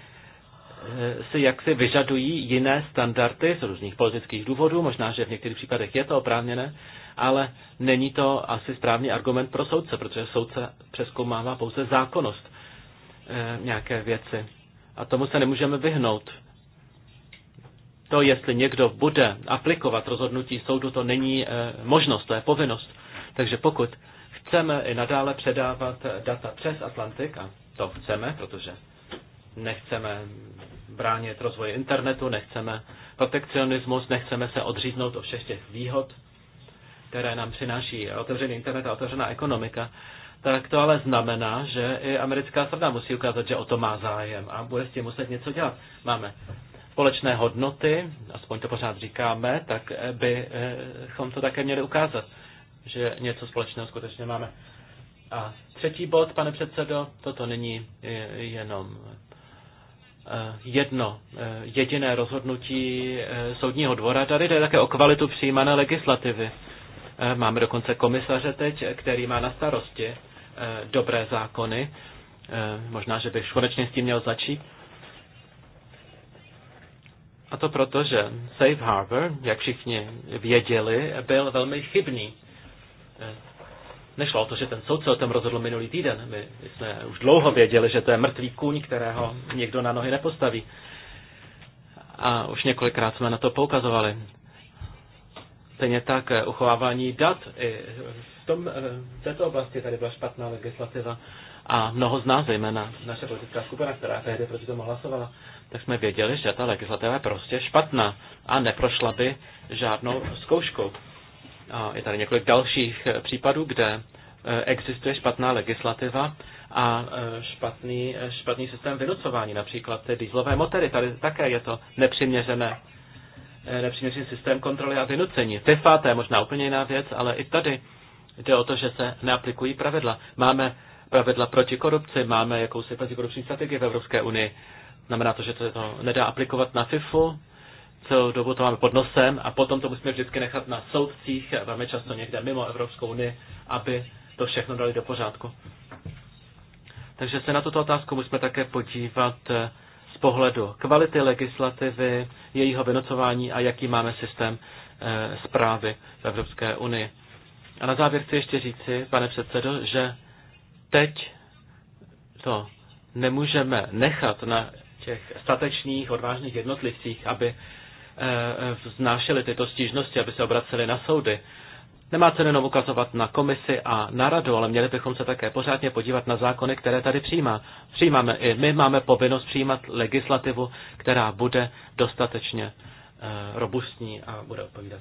A: Eh, si jaksi vyžadují jiné standardy z různých politických důvodů, možná, že v některých případech je to oprávněné, ale není to asi správný argument pro soudce, protože soudce přeskoumává pouze zákonnost eh, nějaké věci. A tomu se nemůžeme vyhnout. To, jestli někdo bude aplikovat rozhodnutí soudu, to není eh, možnost, to je povinnost. Takže pokud chceme i nadále předávat data přes Atlantik, a to chceme, protože nechceme bránit rozvoji internetu, nechceme protekcionismus, nechceme se odříznout od všech těch výhod, které nám přináší otevřený internet a otevřená ekonomika, tak to ale znamená, že i americká strana musí ukázat, že o to má zájem a bude s tím muset něco dělat. Máme společné hodnoty, aspoň to pořád říkáme, tak bychom to také měli ukázat, že něco společného skutečně máme. A třetí bod, pane předsedo, toto není jenom Eh, jedno eh, jediné rozhodnutí eh, soudního dvora. Tady jde také o kvalitu přijímané legislativy. Máme dokonce komisaře teď, který má na starosti dobré zákony. Možná, že bych konečně s tím měl začít. A to proto, že Safe Harbor, jak všichni věděli, byl velmi chybný Nešlo o to, že ten se o tom rozhodl minulý týden. My, my jsme už dlouho věděli, že to je mrtvý kůň, kterého někdo na nohy nepostaví. A už několikrát jsme na to poukazovali. Stejně tak eh, uchovávání dat. I v, tom, eh, v této oblasti tady byla špatná legislativa a mnoho z nás, zejména naše politická skupina, která tehdy proti tomu hlasovala, tak jsme věděli, že ta legislativa je prostě špatná a neprošla by žádnou zkouškou. A je tady několik dalších eh, případů, kde eh, existuje špatná legislativa a eh, špatný, špatný systém vynucování, například ty dýzlové motory. Tady také je to nepřiměřené nepřiměřený systém kontroly a vynucení. FIFA, to je možná úplně jiná věc, ale i tady jde o to, že se neaplikují pravidla. Máme pravidla proti korupci, máme jakousi protikorupční strategii v Evropské unii. Znamená to, že to, to nedá aplikovat na FIFU, celou dobu to máme pod nosem a potom to musíme vždycky nechat na soudcích, velmi často někde mimo Evropskou unii, aby to všechno dali do pořádku. Takže se na tuto otázku musíme také podívat eh, z pohledu kvality legislativy, jejího vynocování a jaký máme systém eh, zprávy v Evropské unii. A na závěr chci ještě říci, pane předsedo, že teď to nemůžeme nechat na těch statečných, odvážných jednotlivcích, aby Eh, eh, vznášeli tyto stížnosti, aby se obraceli na soudy. Nemá cenu jenom ukazovat na komisi a na radu, ale měli bychom se také pořádně podívat na zákony, které tady přijímá. přijímáme. I my máme povinnost přijímat legislativu, která bude dostatečně eh, robustní a bude odpovídat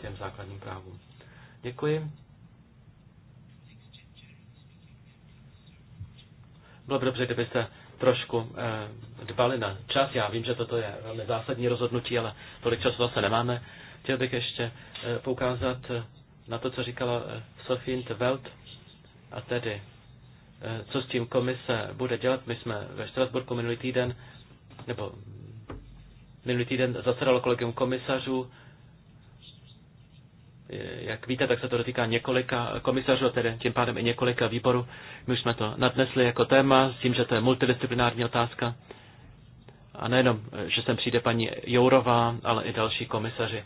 A: těm základním právům. Děkuji. Bylo by dobře, kdybyste trošku eh, dbali na čas. Já vím, že toto je velmi zásadní rozhodnutí, ale tolik času zase nemáme. Chtěl bych ještě eh, poukázat eh, na to, co říkala Sofín Welt a tedy, co s tím komise bude dělat. My jsme ve Štrasburku minulý týden, nebo minulý týden zasedalo kolegium komisařů jak víte, tak se to dotýká několika komisařů, tedy tím pádem i několika výborů. My už jsme to nadnesli jako téma s tím, že to je multidisciplinární otázka. A nejenom, že sem přijde paní Jourová, ale i další komisaři,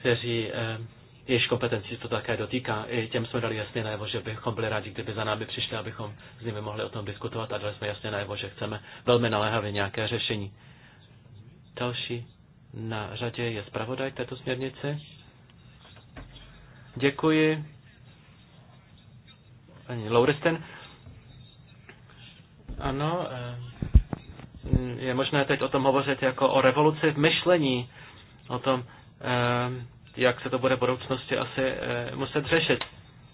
A: kteří eh, jejich kompetenci to také dotýká. I těm jsme dali jasně najevo, že bychom byli rádi, kdyby za námi přišli, abychom s nimi mohli o tom diskutovat a dali jsme jasně najevo, že chceme velmi naléhavě nějaké řešení. Další na řadě je zpravodaj této směrnice. Děkuji. Paní Lauristin. Ano, eh, je možné teď o tom hovořit jako o revoluci v myšlení, o tom, eh, jak se to bude v budoucnosti asi eh, muset řešit.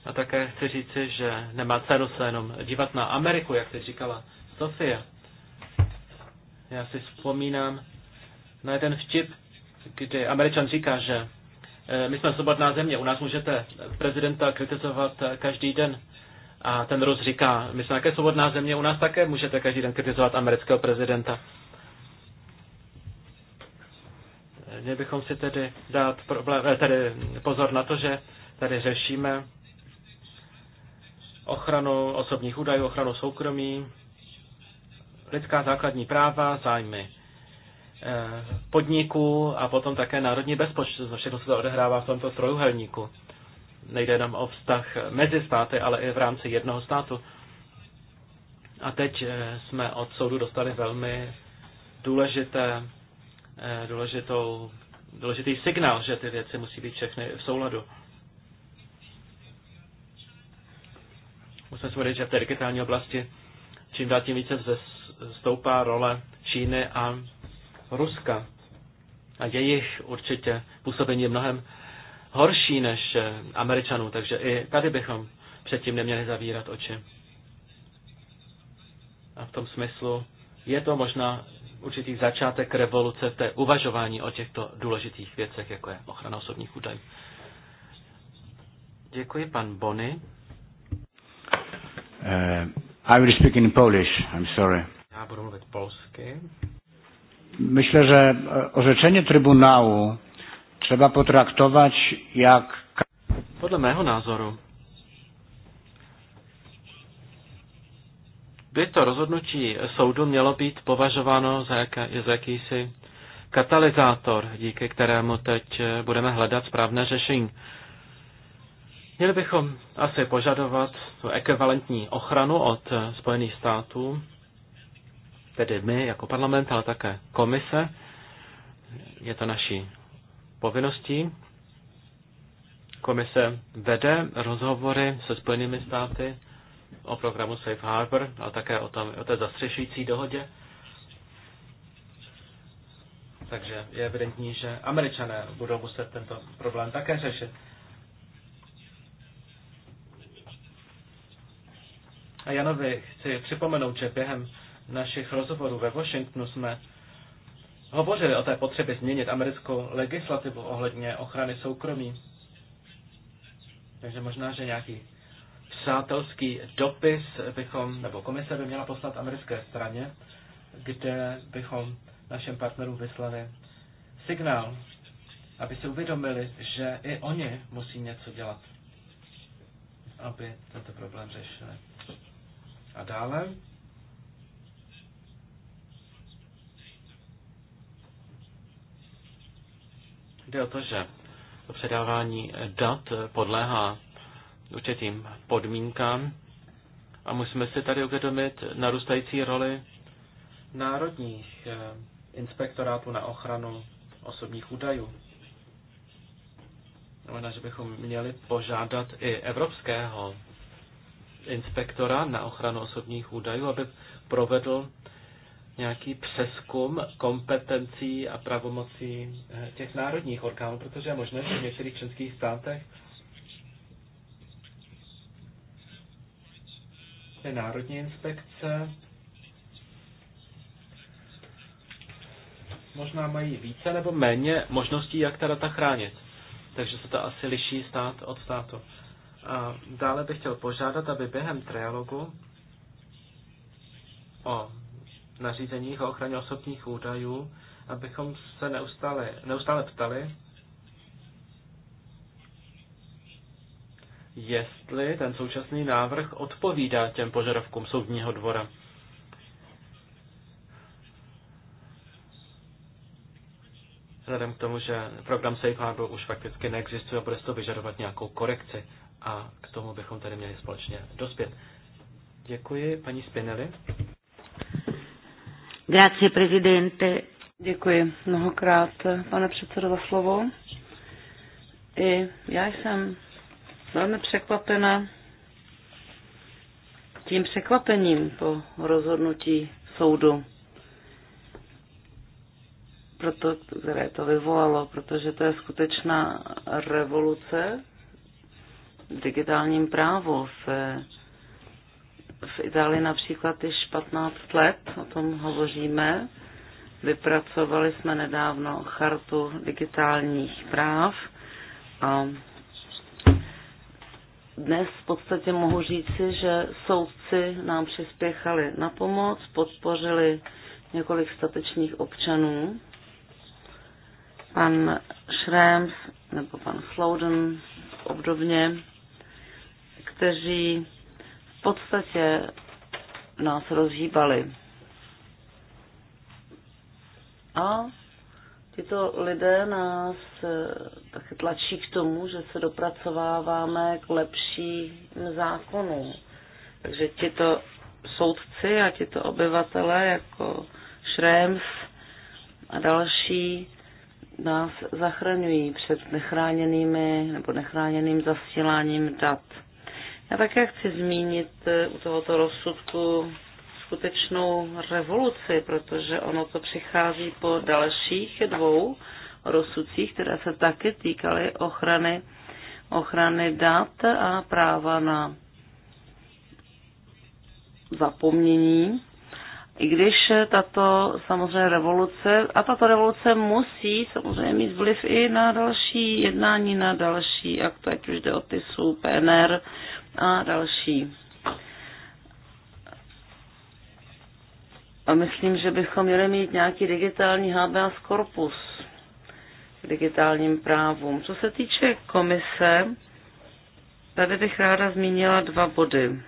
A: A také chci říci, že nemá cenu se jenom dívat na Ameriku, jak teď říkala Sofie. Já si vzpomínám na jeden vtip, kdy Američan říká, že Eh, my jsme svobodná země, u nás můžete prezidenta kritizovat eh, každý den. A ten Rus říká, my jsme také svobodná země, u nás také můžete každý den kritizovat amerického prezidenta. Eh, měli bychom si tedy dát problém, tedy pozor na to, že tady řešíme ochranu osobních údajů, ochranu soukromí, lidská základní práva, zájmy podniků a potom také národní bezpečnost. Všechno se to odehrává v tomto trojuhelníku. Nejde jenom o vztah mezi státy, ale i v rámci jednoho státu. A teď eh, jsme od soudu dostali velmi důležité, eh, důležitou, důležitý signál, že ty věci musí být všechny v souladu. Musím si říct, že v té digitální oblasti čím dál tím více stoupá role Číny a Ruska. A jejich určitě působení je mnohem horší než eh, Američanů, takže i tady bychom předtím neměli zavírat oči. A v tom smyslu je to možná určitý začátek revoluce v té uvažování o těchto důležitých věcech, jako je ochrana osobních údajů. Děkuji, pan Bony.
B: Uh, I will speak in Polish, I'm sorry.
A: Já budu mluvit polsky. Myślę, że e, orzeczenie Trybunału trzeba potraktować jak. Podle mého názoru by to rozhodnutí soudu mělo být považováno za, jaké, za jakýsi katalyzátor, díky kterému teď e, budeme hledat správné řešení. Měli bychom asi požadovat ekvivalentní ochranu od e, Spojených států, tedy my jako parlament, ale také komise. Je to naší povinností. Komise vede rozhovory se Spojenými státy o programu Safe Harbor, ale také o, tam, o té zastřešující dohodě. Takže je evidentní, že američané budou muset tento problém také řešit. A Janovi chci připomenout, že během našich rozhovorů ve Washingtonu jsme hovořili o té potřebě změnit americkou legislativu ohledně ochrany soukromí. Takže možná, že nějaký přátelský dopis bychom, nebo komise by měla poslat americké straně, kde bychom našem partnerům vyslali signál, aby si uvědomili, že i oni musí něco dělat, aby tento problém řešili. A dále Jde o to, že to předávání dat podléhá určitým podmínkám a musíme si tady uvědomit narůstající roli národních eh, inspektorátů na ochranu osobních údajů. Znamená, že bychom měli požádat i evropského inspektora na ochranu osobních údajů, aby provedl nějaký přeskum kompetencí a pravomocí eh, těch národních orgánů, protože je možné, že v některých členských státech je národní inspekce možná mají více nebo méně možností, jak ta data chránit. Takže se to asi liší stát od státu. A dále bych chtěl požádat, aby během trialogu o nařízeních o ochraně osobních údajů, abychom se neustále, neustále ptali, jestli ten současný návrh odpovídá těm požadavkům soudního dvora. Vzhledem k tomu, že program Safe Harbor už fakticky neexistuje, bude to vyžadovat nějakou korekci a k tomu bychom tady měli společně dospět. Děkuji, paní Spinelli.
C: Grazie, prezidente. Děkuji mnohokrát, pane předsedo, za slovo. I já jsem velmi překvapena tím překvapením po rozhodnutí soudu, proto, které to vyvolalo, protože to je skutečná revoluce v digitálním právu, v v Itálii například již 15 let, o tom hovoříme. Vypracovali jsme nedávno chartu digitálních práv a dnes v podstatě mohu říci, že soudci nám přispěchali na pomoc, podpořili několik statečných občanů. Pan Schrems nebo pan Slouden obdobně, kteří podstatě nás rozhýbali. A tyto lidé nás eh, také tlačí k tomu, že se dopracováváme k lepším zákonům. Takže tito soudci a tito obyvatele jako Šrems a další nás zachraňují před nechráněnými nebo nechráněným zasíláním dat. Já také chci zmínit eh, u tohoto rozsudku skutečnou revoluci, protože ono to přichází po dalších dvou rozsudcích, které se také týkaly ochrany, ochrany dat a práva na zapomnění. I když tato samozřejmě revoluce, a tato revoluce musí samozřejmě mít vliv i na další jednání, na další akt, ať už jde o TISu, PNR a další. A myslím, že bychom měli mít nějaký digitální HBS korpus k digitálním právům. Co se týče komise, tady bych ráda zmínila dva body.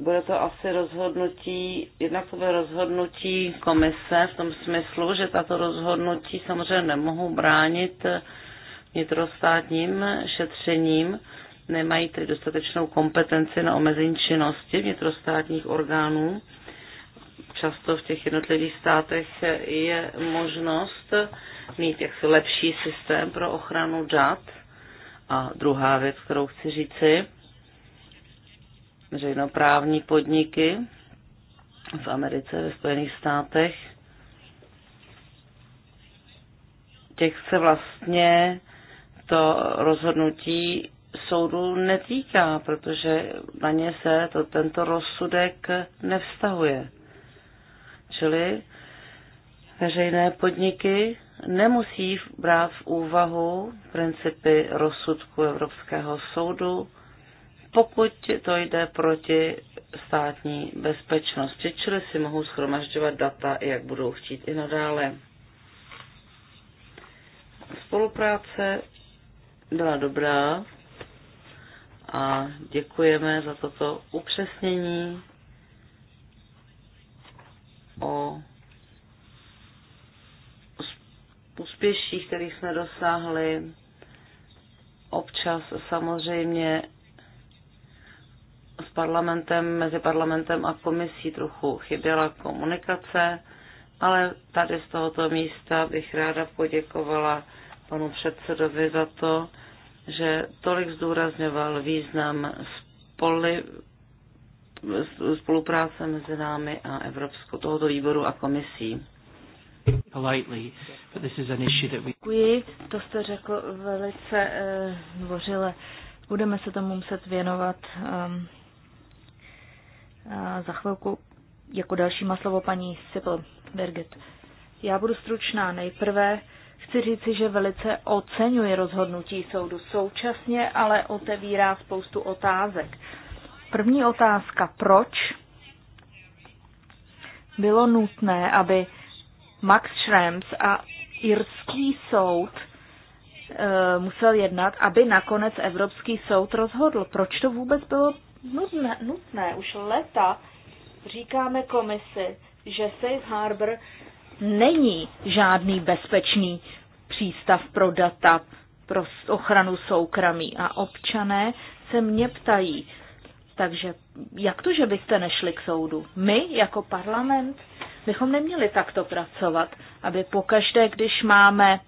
C: Bude to asi rozhodnutí, jednak to bude rozhodnutí komise v tom smyslu, že tato rozhodnutí samozřejmě nemohou bránit vnitrostátním šetřením, nemají tedy dostatečnou kompetenci na omezení činnosti vnitrostátních orgánů. Často v těch jednotlivých státech je možnost mít jaksi lepší systém pro ochranu dat. A druhá věc, kterou chci říci, veřejnoprávní podniky v Americe, ve Spojených státech. Těch se vlastně to rozhodnutí soudu netýká, protože na ně se to, tento rozsudek nevztahuje. Čili veřejné podniky nemusí brát v úvahu principy rozsudku Evropského soudu, pokud to jde proti státní bezpečnosti, čili si mohou schromažďovat data, jak budou chtít i nadále. Spolupráce byla dobrá a děkujeme za toto upřesnění o úspěších, kterých jsme dosáhli. Občas samozřejmě s parlamentem, mezi parlamentem a komisí trochu chyběla komunikace, ale tady z tohoto místa bych ráda poděkovala panu předsedovi za to, že tolik zdůrazňoval význam spoli, spolupráce mezi námi a Evropskou tohoto výboru a komisí.
D: Děkuji, to jste řekl velice eh, dvořile. Budeme se tomu muset věnovat. Um, za chvilku jako další má slovo paní Sipl Berget. Já budu stručná. Nejprve chci říci, že velice oceňuji rozhodnutí soudu. Současně ale otevírá spoustu otázek. První otázka, proč bylo nutné, aby Max Schrems a irský soud e, musel jednat, aby nakonec Evropský soud rozhodl. Proč to vůbec bylo nutné, nutné. Už leta říkáme komisi, že Safe Harbor není žádný bezpečný přístav pro data, pro ochranu soukromí. A občané se mě ptají, takže jak to, že byste nešli k soudu? My jako parlament bychom neměli takto pracovat, aby pokaždé, když máme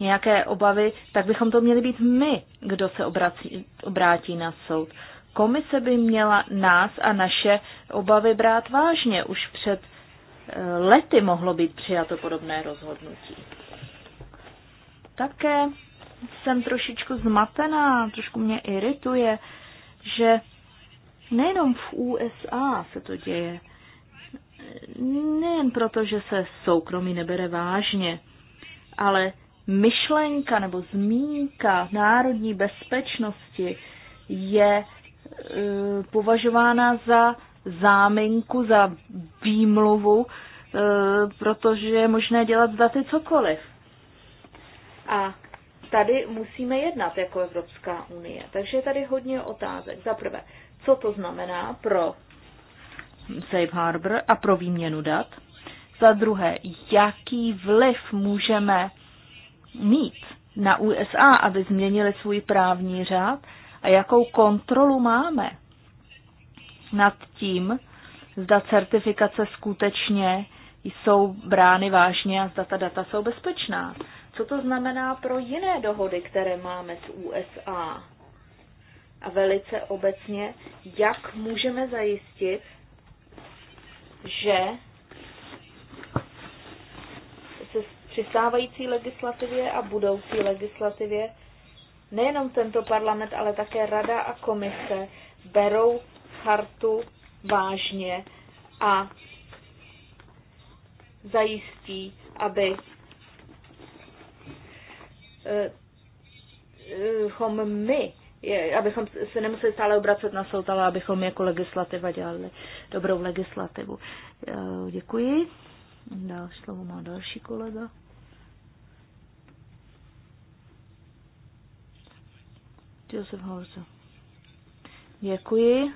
D: nějaké obavy, tak bychom to měli být my, kdo se obrací, obrátí na soud. Komise by měla nás a naše obavy brát vážně. Už před eh, lety mohlo být přijato podobné rozhodnutí. Také jsem trošičku zmatená, trošku mě irituje, že nejenom v USA se to děje, nejen proto, že se soukromí nebere vážně, ale myšlenka nebo zmínka národní bezpečnosti je Eh, považována za záminku, za výmluvu, eh, protože je možné dělat s daty cokoliv. A tady musíme jednat jako Evropská unie. Takže je tady hodně otázek. Za prvé, co to znamená pro Safe Harbor a pro výměnu dat? Za druhé, jaký vliv můžeme mít na USA, aby změnili svůj právní řád? a jakou kontrolu máme nad tím, zda certifikace skutečně jsou brány vážně a zda ta data jsou bezpečná. Co to znamená pro jiné dohody, které máme s USA? A velice obecně, jak můžeme zajistit, že se přistávající legislativě a budoucí legislativě nejenom tento parlament, ale také rada a komise berou chartu vážně a zajistí, aby eh, abychom my, abychom se nemuseli stále obracet na soud, ale abychom jako legislativa dělali dobrou legislativu. Eh, děkuji. Další slovo má další kolega. Josef Horzo. Děkuji.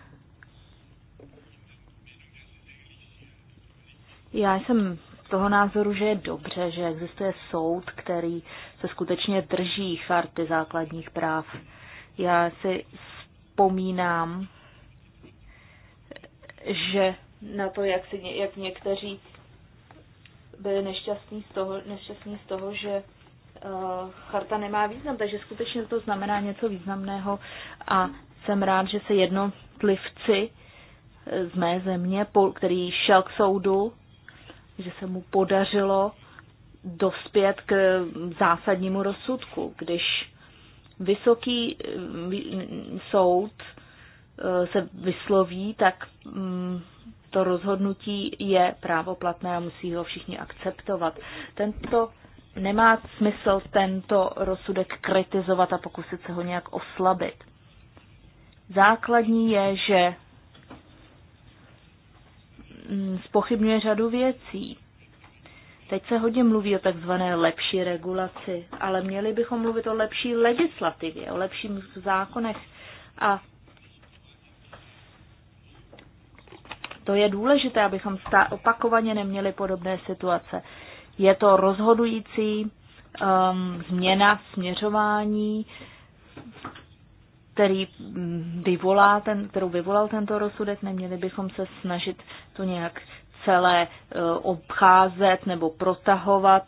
D: Já jsem toho názoru, že je dobře, že existuje soud, který se skutečně drží charty základních práv. Já si vzpomínám, že na to, jak, si, jak někteří byli nešťastní z toho, nešťastní z toho že Eh, charta nemá význam, takže skutečně to znamená něco významného a jsem rád, že se jednotlivci eh, z mé země, který šel k soudu, že se mu podařilo dospět k zásadnímu rozsudku, když vysoký eh, soud se vysloví, tak mm, to rozhodnutí je právoplatné a musí ho všichni akceptovat. Tento nemá smysl tento rozsudek kritizovat a pokusit se ho nějak oslabit. Základní je, že mm, spochybňuje řadu věcí. Teď se hodně mluví o takzvané lepší regulaci, ale měli bychom mluvit o lepší legislativě, o lepším zákonech a to je důležité, abychom opakovaně neměli podobné situace. Je to rozhodující um, změna směřování, který mm, vyvolá ten, kterou vyvolal tento rozsudek. Neměli bychom se snažit to nějak celé uh, obcházet nebo protahovat.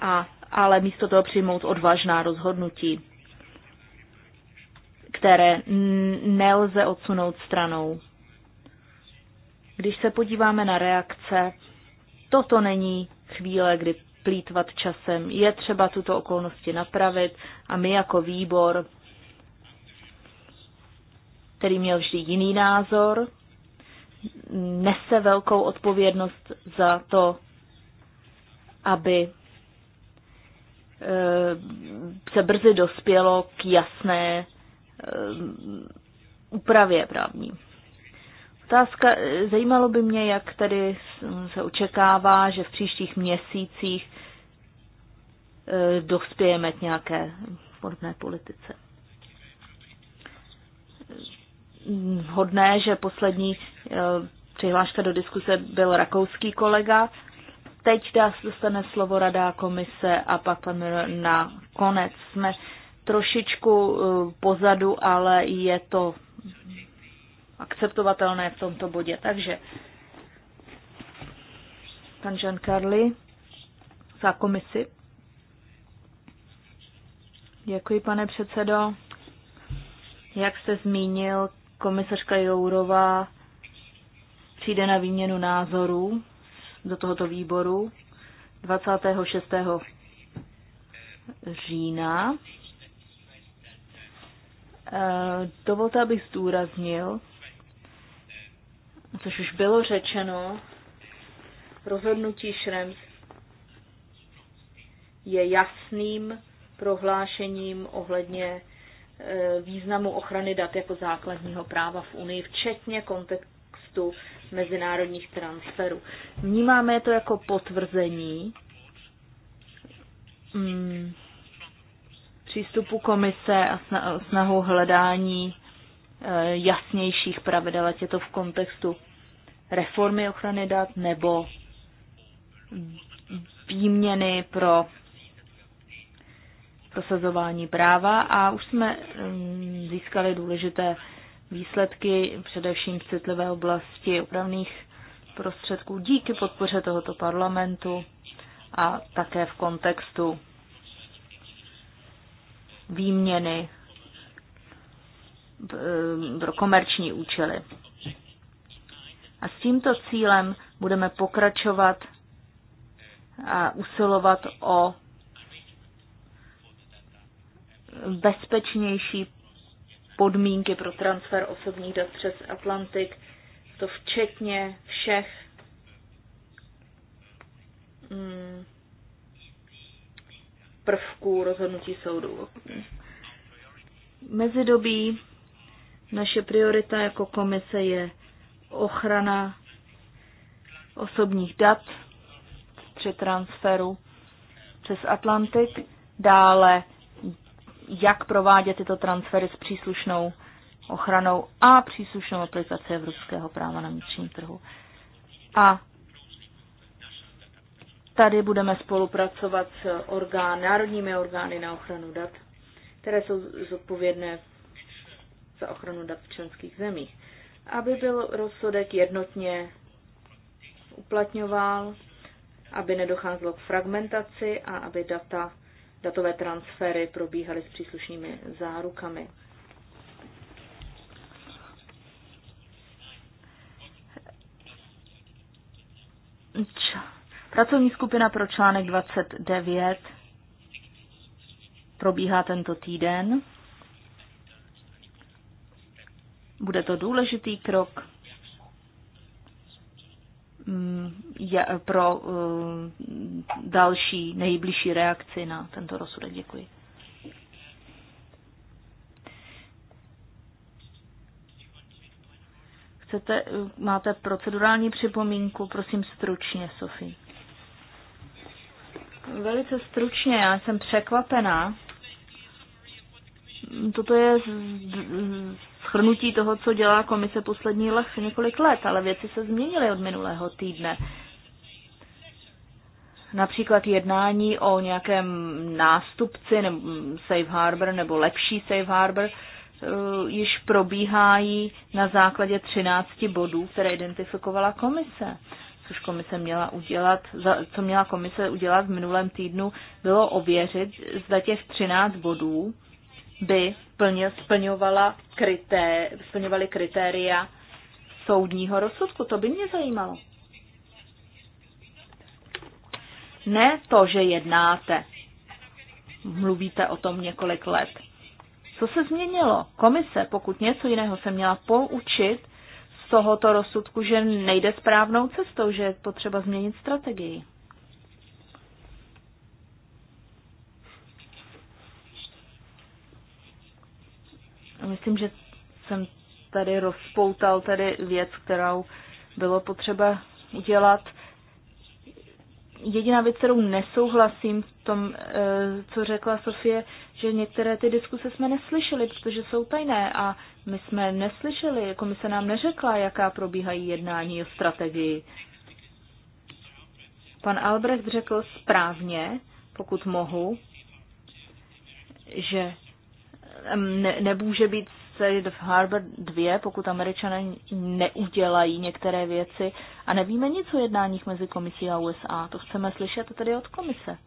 D: A, ale místo toho přijmout odvážná rozhodnutí, které nelze odsunout stranou. Když se podíváme na reakce Toto není chvíle, kdy plítvat časem. Je třeba tuto okolnosti napravit a my jako výbor, který měl vždy jiný názor, nese velkou odpovědnost za to, aby e, se brzy dospělo k jasné e, úpravě právní. Otázka, eh, zajímalo by mě, jak tady se očekává, že v příštích měsících eh, dospějeme k nějaké podobné politice. Hodné, že poslední eh, přihláška do diskuse byl rakouský kolega. Teď dostane slovo Rada komise a pak pan na konec. Jsme trošičku pozadu, ale je to akceptovatelné v tomto bodě. Takže pan Jean Carly za komisi. Děkuji, pane předsedo. Jak jste zmínil, komisařka Jourová přijde na výměnu názorů do tohoto výboru 26. října. Eh, dovolte, abych zdůraznil, což už bylo řečeno, rozhodnutí Šrems je jasným prohlášením ohledně e, významu ochrany dat jako základního práva v Unii, včetně kontextu mezinárodních transferů. Vnímáme to jako potvrzení hmm, přístupu komise a snahu hledání e, jasnějších pravidel, ať je to v kontextu reformy ochrany dat nebo výměny pro prosazování práva a už jsme um, získali důležité výsledky, především v citlivé oblasti opravných prostředků díky podpoře tohoto parlamentu a také v kontextu výměny um, pro komerční účely. A s tímto cílem budeme pokračovat a usilovat o bezpečnější podmínky pro transfer osobních dat přes Atlantik, to včetně všech mm, prvků rozhodnutí soudu. Mezidobí naše priorita jako komise je ochrana osobních dat při transferu přes Atlantik, dále jak provádět tyto transfery s příslušnou ochranou a příslušnou aplikací evropského práva na vnitřním trhu. A tady budeme spolupracovat s orgán, národními orgány na ochranu dat, které jsou zodpovědné za ochranu dat v členských zemích aby byl rozsudek jednotně uplatňoval, aby nedocházelo k fragmentaci a aby data, datové transfery probíhaly s příslušnými zárukami. Pracovní skupina pro článek 29 probíhá tento týden. Bude to důležitý krok mm, je pro mm, další nejbližší reakci na tento rozsudek. Děkuji. Chcete, máte procedurální připomínku, prosím stručně, Sofie. Velice stručně, já jsem překvapená. Toto je schrnutí toho, co dělá komise poslední lech několik let, ale věci se změnily od minulého týdne. Například jednání o nějakém nástupci nebo safe harbor nebo lepší safe harbor eh, již probíhají na základě 13 bodů, které identifikovala komise což komise měla udělat, co měla komise udělat v minulém týdnu, bylo ověřit, zda těch 13 bodů by plně splňovala krité, splňovaly kritéria soudního rozsudku. To by mě zajímalo. Ne to, že jednáte. Mluvíte o tom několik let. Co se změnilo? Komise, pokud něco jiného se měla poučit z tohoto rozsudku, že nejde správnou cestou, že je potřeba změnit strategii. Myslím, že jsem tady rozpoutal tady věc, kterou bylo potřeba udělat. Jediná věc, kterou nesouhlasím v tom, eh, co řekla Sofie, že některé ty diskuse jsme neslyšeli, protože jsou tajné a my jsme neslyšeli, komise nám neřekla, jaká probíhají jednání o strategii. Pan Albrecht řekl správně, pokud mohu, že ne, nemůže být v Harvard 2, pokud američané neudělají některé věci a nevíme nic o jednáních mezi komisí a USA. To chceme slyšet tedy od komise.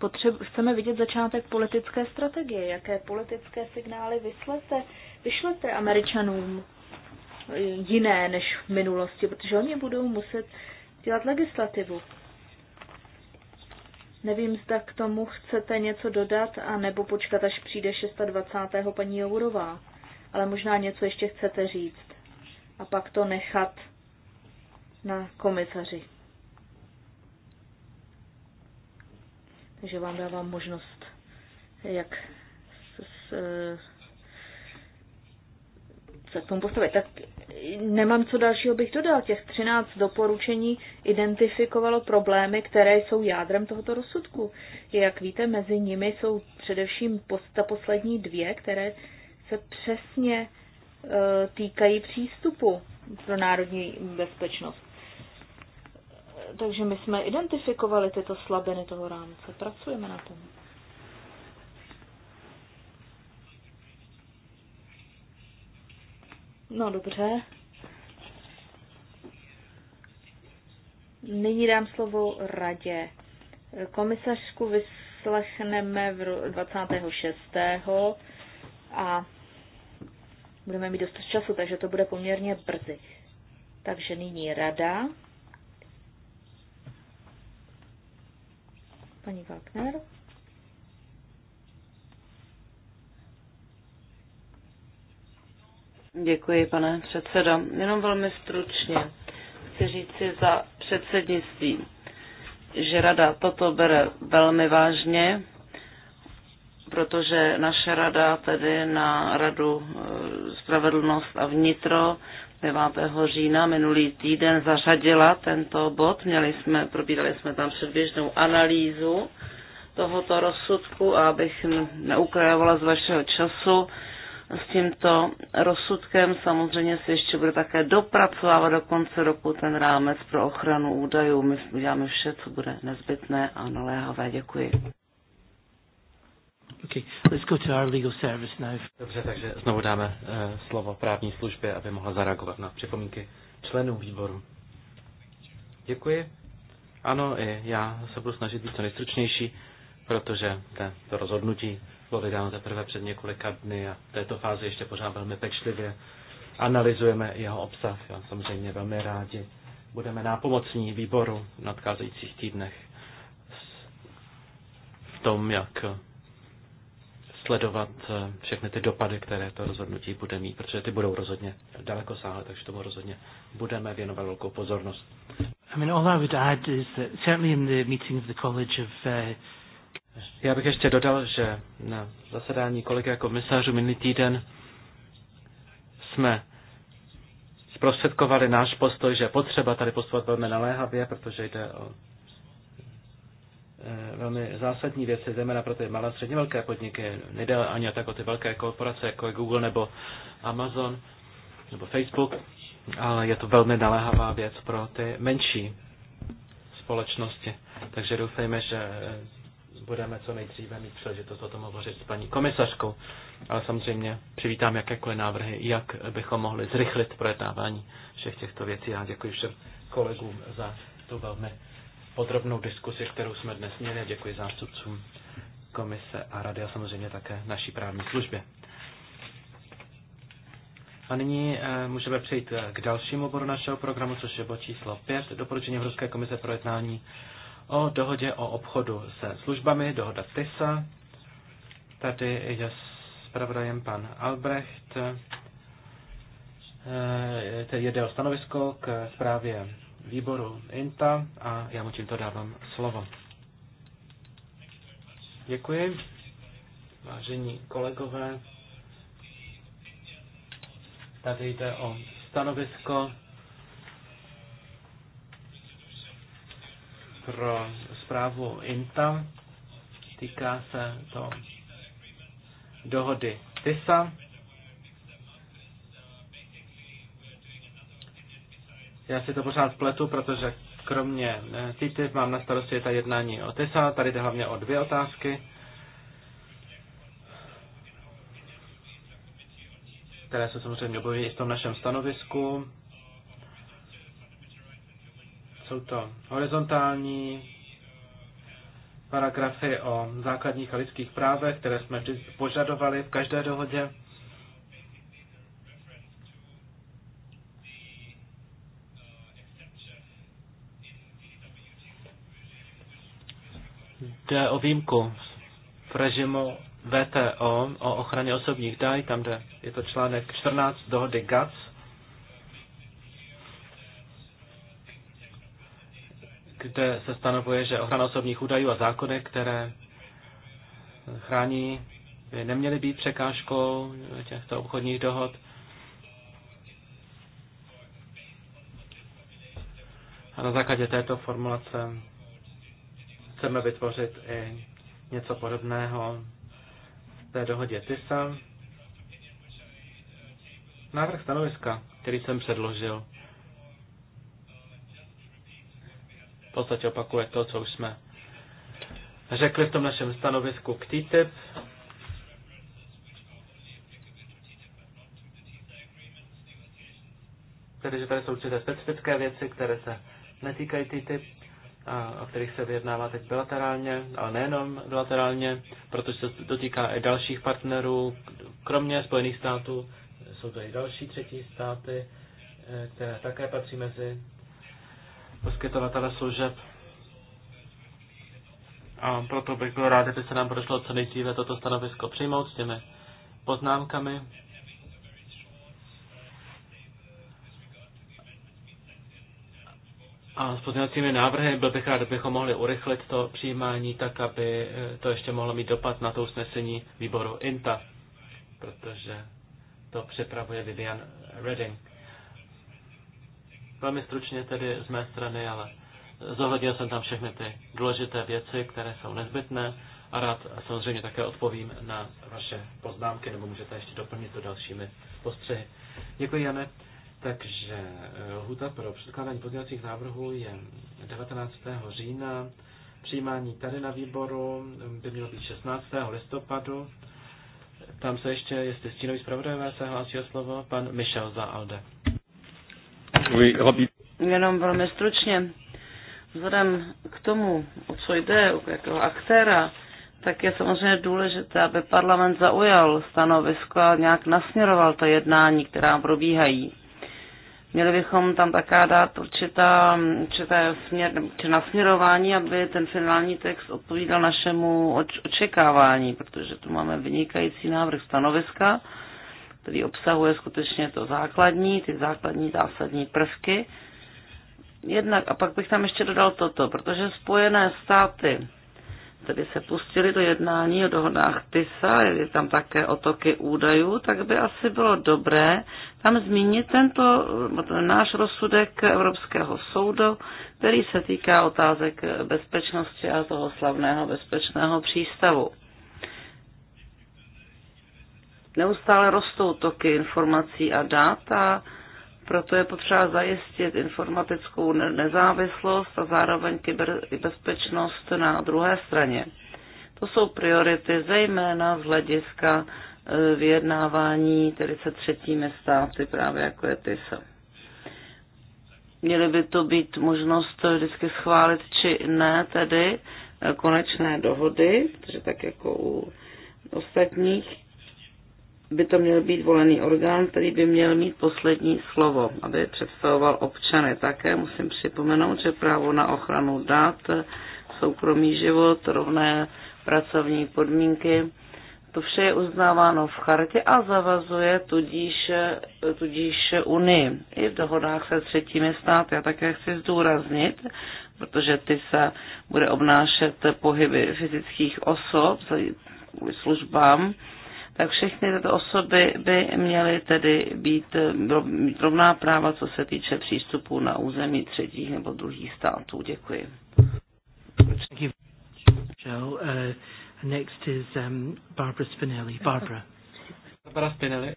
D: Potřeb, chceme vidět začátek politické strategie, jaké politické signály vyslete, vyšlete američanům jiné než v minulosti, protože oni budou muset dělat legislativu. Nevím, zda k tomu chcete něco dodat, a nebo počkat, až přijde 26. paní Jourová. Ale možná něco ještě chcete říct. A pak to nechat na komisaři. Takže vám dávám možnost, jak se, se k tomu postavit. Tak Nemám co dalšího bych dodal. Těch 13 doporučení identifikovalo problémy, které jsou jádrem tohoto rozsudku. Jak víte, mezi nimi jsou především ta poslední dvě, které se přesně e, týkají přístupu pro národní bezpečnost. Takže my jsme identifikovali tyto slabiny toho rámce, pracujeme na tom. No dobře. Nyní dám slovo radě. Komisařku vyslechneme v 26. a budeme mít dost času, takže to bude poměrně brzy. Takže nyní rada. Paní Wagner.
C: Děkuji, pane předsedo. Jenom velmi stručně chci říci za předsednictví, že rada toto bere velmi vážně, protože naše rada, tedy na Radu e, spravedlnost a vnitro 9. října minulý týden zařadila tento bod. Měli jsme, probírali jsme tam předběžnou analýzu tohoto rozsudku a abych neukrajovala z vašeho času, s tímto rozsudkem. Samozřejmě se ještě bude také dopracovávat do konce roku ten rámec pro ochranu údajů. My uděláme vše, co bude nezbytné a naléhavé. Děkuji.
B: Okay, let's go to our legal service now. Dobře,
A: takže znovu dáme uh, slovo právní službě, aby mohla zareagovat na připomínky členů výboru. Děkuji. Ano, i já se budu snažit být co nejstručnější, protože to rozhodnutí bylo vydáno teprve před několika dny a v této fázi ještě pořád velmi pečlivě analyzujeme jeho obsah. Já samozřejmě velmi rádi budeme nápomocní výboru v nadcházejících týdnech v tom, jak sledovat eh, všechny ty dopady, které to rozhodnutí bude mít, protože ty budou rozhodně daleko sáhle, takže tomu rozhodně budeme věnovat velkou pozornost.
B: I mean, all I would add is that certainly in the meeting of the College of uh, já bych ještě dodal, že
A: na zasedání jako komisářů minulý týden jsme zprostředkovali náš postoj, že potřeba tady postupovat velmi naléhavě, protože jde o e, velmi zásadní věci, zejména pro ty malé a středně velké podniky. Nejde ani tak o ty velké korporace, jako je Google nebo Amazon nebo Facebook, ale je to velmi naléhavá věc pro ty menší společnosti. Takže doufejme, že budeme co nejdříve mít příležitost o tom hovořit s paní komisařkou, ale samozřejmě přivítám jakékoliv návrhy, jak bychom mohli zrychlit projednávání všech těchto věcí. Já děkuji všem kolegům za tu velmi podrobnou diskusi, kterou jsme dnes měli. Děkuji zástupcům komise a rady a samozřejmě také naší právní službě. A nyní eh, můžeme přejít k dalšímu bodu našeho programu, což je bod číslo 5, doporučení Evropské komise pro jednání o dohodě o obchodu se službami, dohoda TISA. Tady je zpravodajem pan Albrecht. Eh, tady jde o stanovisko k zprávě výboru INTA a já mu tímto dávám slovo. Děkuji. Vážení kolegové, tady jde o stanovisko pro zprávu INTA. Týká se to dohody TISA. Já si to pořád pletu, protože kromě eh, TTIP mám na starosti ta jednání o TISA. Tady jde hlavně o dvě otázky. které se samozřejmě objeví i v tom našem stanovisku. Jsou to horizontální paragrafy o základních a lidských právech, které jsme vždy požadovali v každé dohodě. Jde o výjimku v režimu VTO o ochraně osobních daj, tam kde je to článek 14 dohody GATS, kde se stanovuje, že ochrana osobních údajů a zákony, které chrání, by neměly být překážkou těchto obchodních dohod. A na základě této formulace chceme vytvořit i něco podobného v té dohodě TISA. Návrh stanoviska, který jsem předložil, podstatě opakuje to, co už jsme řekli v tom našem stanovisku k TTIP. E Tedy, že tady jsou určité specifické věci, které se netýkají TTIP, e a, o kterých se vyjednává teď bilaterálně, ale nejenom bilaterálně, protože se dotýká i dalších partnerů, kromě Spojených států, jsou to i další třetí státy, e, které také patří mezi poskytovatele služeb. A proto bych byl rád, kdyby se nám prošlo co nejdříve toto stanovisko přijmout s těmi poznámkami. A s pozměňovacími návrhy byl bych rád, abychom mohli urychlit to přijímání tak, aby eh, to ještě mohlo mít dopad na to usnesení výboru INTA, protože to připravuje Vivian Redding. Velmi stručně tedy z mé strany, ale zohlednil jsem tam všechny ty důležité věci, které jsou nezbytné a rád samozřejmě také odpovím na vaše poznámky, nebo můžete ještě doplnit to dalšími postřehy. Děkuji, Jane. Takže eh, lhuta pro předkládání pozdělacích návrhů je 19. října. Přijímání tady na výboru mm, by mělo být 16. listopadu. Tam se ještě, jestli stínový zpravodajové se hlásí o slovo, pan Michel za Alde. Jenom
C: velmi stručně. Vzhledem k tomu, o co jde, u jakého aktéra, tak je samozřejmě důležité, aby parlament zaujal stanovisko a nějak nasměroval ta jednání, která probíhají. Měli bychom tam taká dát určitá, určitá směr, či nasměrování, aby ten finální text odpovídal našemu oč, očekávání, protože tu máme vynikající návrh stanoviska který obsahuje skutečně to základní, ty základní zásadní prvky. Jednak, a pak bych tam ještě dodal toto, protože Spojené státy tedy se pustili do jednání o dohodách TISA, je tam také otoky údajů, tak by asi bylo dobré tam zmínit tento ten náš rozsudek Evropského soudu, který se týká otázek bezpečnosti a toho slavného bezpečného přístavu. Neustále rostou toky informací a data, proto je potřeba zajistit informatickou nezávislost a zároveň kyberbezpečnost na druhé straně. To jsou priority zejména z hlediska e, vyjednávání tedy se třetími státy, právě jako je TISA. Měly by to být možnost vždycky schválit či ne tedy e, konečné dohody, protože tak jako u ostatních by to měl být volený orgán, který by měl mít poslední slovo, aby představoval občany. Také musím připomenout, že právo na ochranu dat, soukromý život, rovné pracovní podmínky, to vše je uznáváno v chartě a zavazuje tudíž, tudíž Unii. I v dohodách se třetími státy. Já také chci zdůraznit, protože ty se bude obnášet pohyby fyzických osob službám, tak všechny tyto osoby by měly tedy být rovná práva, co se týče přístupu na území třetích nebo druhých států. Děkuji.
B: Joe, uh, next is um, Barbara Spinelli. Barbara.
A: Barbara Spinelli.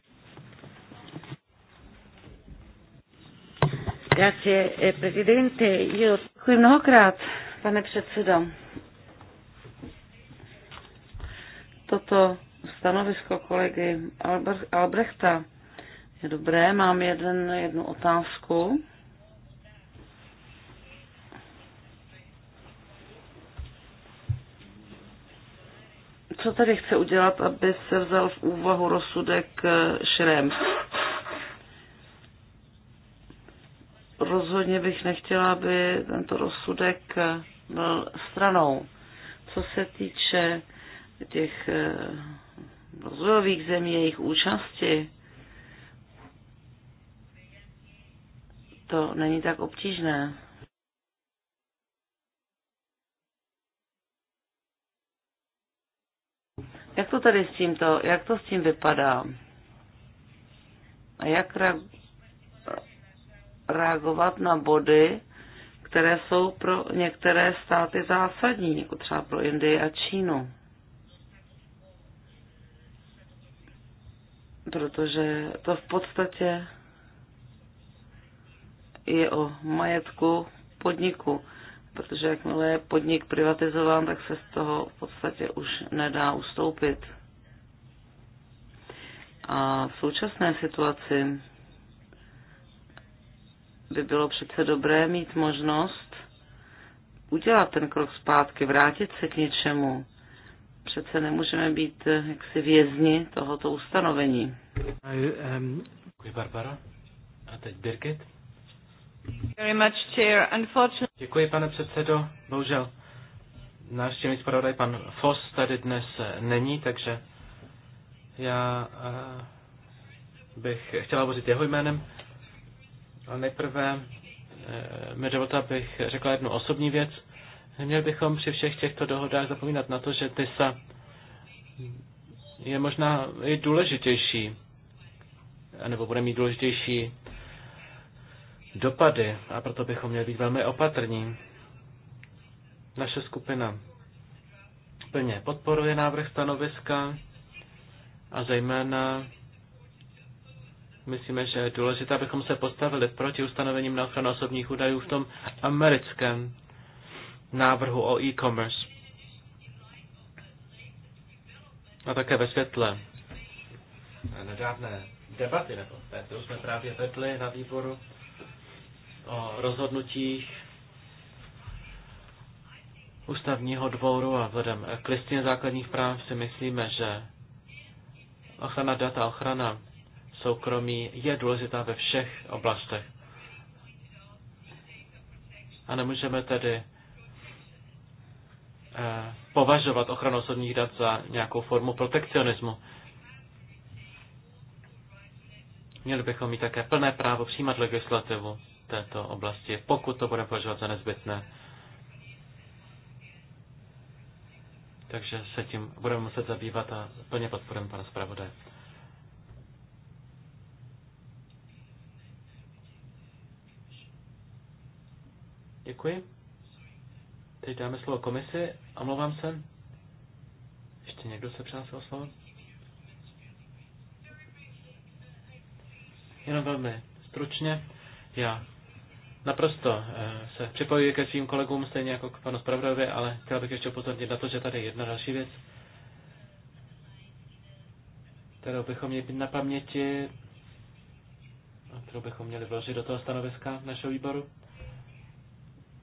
C: Grazie, eh, Presidente. Io... Děkuji mnohokrát, pane předsedo. Toto Stanovisko kolegy Albrechta je dobré. Mám jeden, jednu otázku. Co tady chce udělat, aby se vzal v úvahu rozsudek šrem? Eh, Rozhodně bych nechtěla, aby tento rozsudek eh, byl stranou. Co se týče těch eh, rozvojových zemí, jejich účasti, to není tak obtížné. Jak to tady s tímto, jak to s tím vypadá? A jak reagovat na body, které jsou pro některé státy zásadní, jako třeba pro Indii a Čínu? protože to v podstatě je o majetku podniku, protože jakmile je podnik privatizován, tak se z toho v podstatě už nedá ustoupit. A v současné situaci by bylo přece dobré mít možnost udělat ten krok zpátky, vrátit se k něčemu. Přece nemůžeme být jaksi
A: vězni tohoto ustanovení. Děkuji, Barbara. A teď Birgit. Very much, chair. Unfortunately... Děkuji, pane předsedo. Bohužel náš čelný zpravodaj pan Foss tady dnes eh, není, takže já eh, bych chtěla hovořit jeho jménem. Ale nejprve eh, mi dovolte, abych řekla jednu osobní věc. Neměli bychom při všech těchto dohodách zapomínat na to, že TISA je možná i důležitější nebo bude mít důležitější dopady a proto bychom měli být velmi opatrní. Naše skupina plně podporuje návrh stanoviska a zejména myslíme, že je důležité, abychom se postavili proti ustanovením na ochranu osobních údajů v tom americkém návrhu o e-commerce. A také ve světle nedávné debaty, nebo té, kterou jsme právě vedli na výboru o rozhodnutích ústavního dvoru a vzhledem k listině základních práv si myslíme, že ochrana data, ochrana soukromí je důležitá ve všech oblastech. A nemůžeme tedy eh, považovat ochranu osobních dat za nějakou formu protekcionismu. Měli bychom mít také plné právo přijímat legislativu této oblasti, pokud to bude považovat za nezbytné. Takže se tím budeme muset zabývat a plně podporujeme pana zpravodaje. Děkuji. Teď dáme slovo komisi. Omlouvám se. Ještě někdo se přihlásil o slovo? Jenom velmi stručně. Já naprosto eh, se připojuji ke svým kolegům, stejně jako k panu Spravdovi, ale chtěl bych ještě upozornit na to, že tady je jedna další věc, kterou bychom měli být na paměti, a kterou bychom měli vložit do toho stanoviska našeho výboru.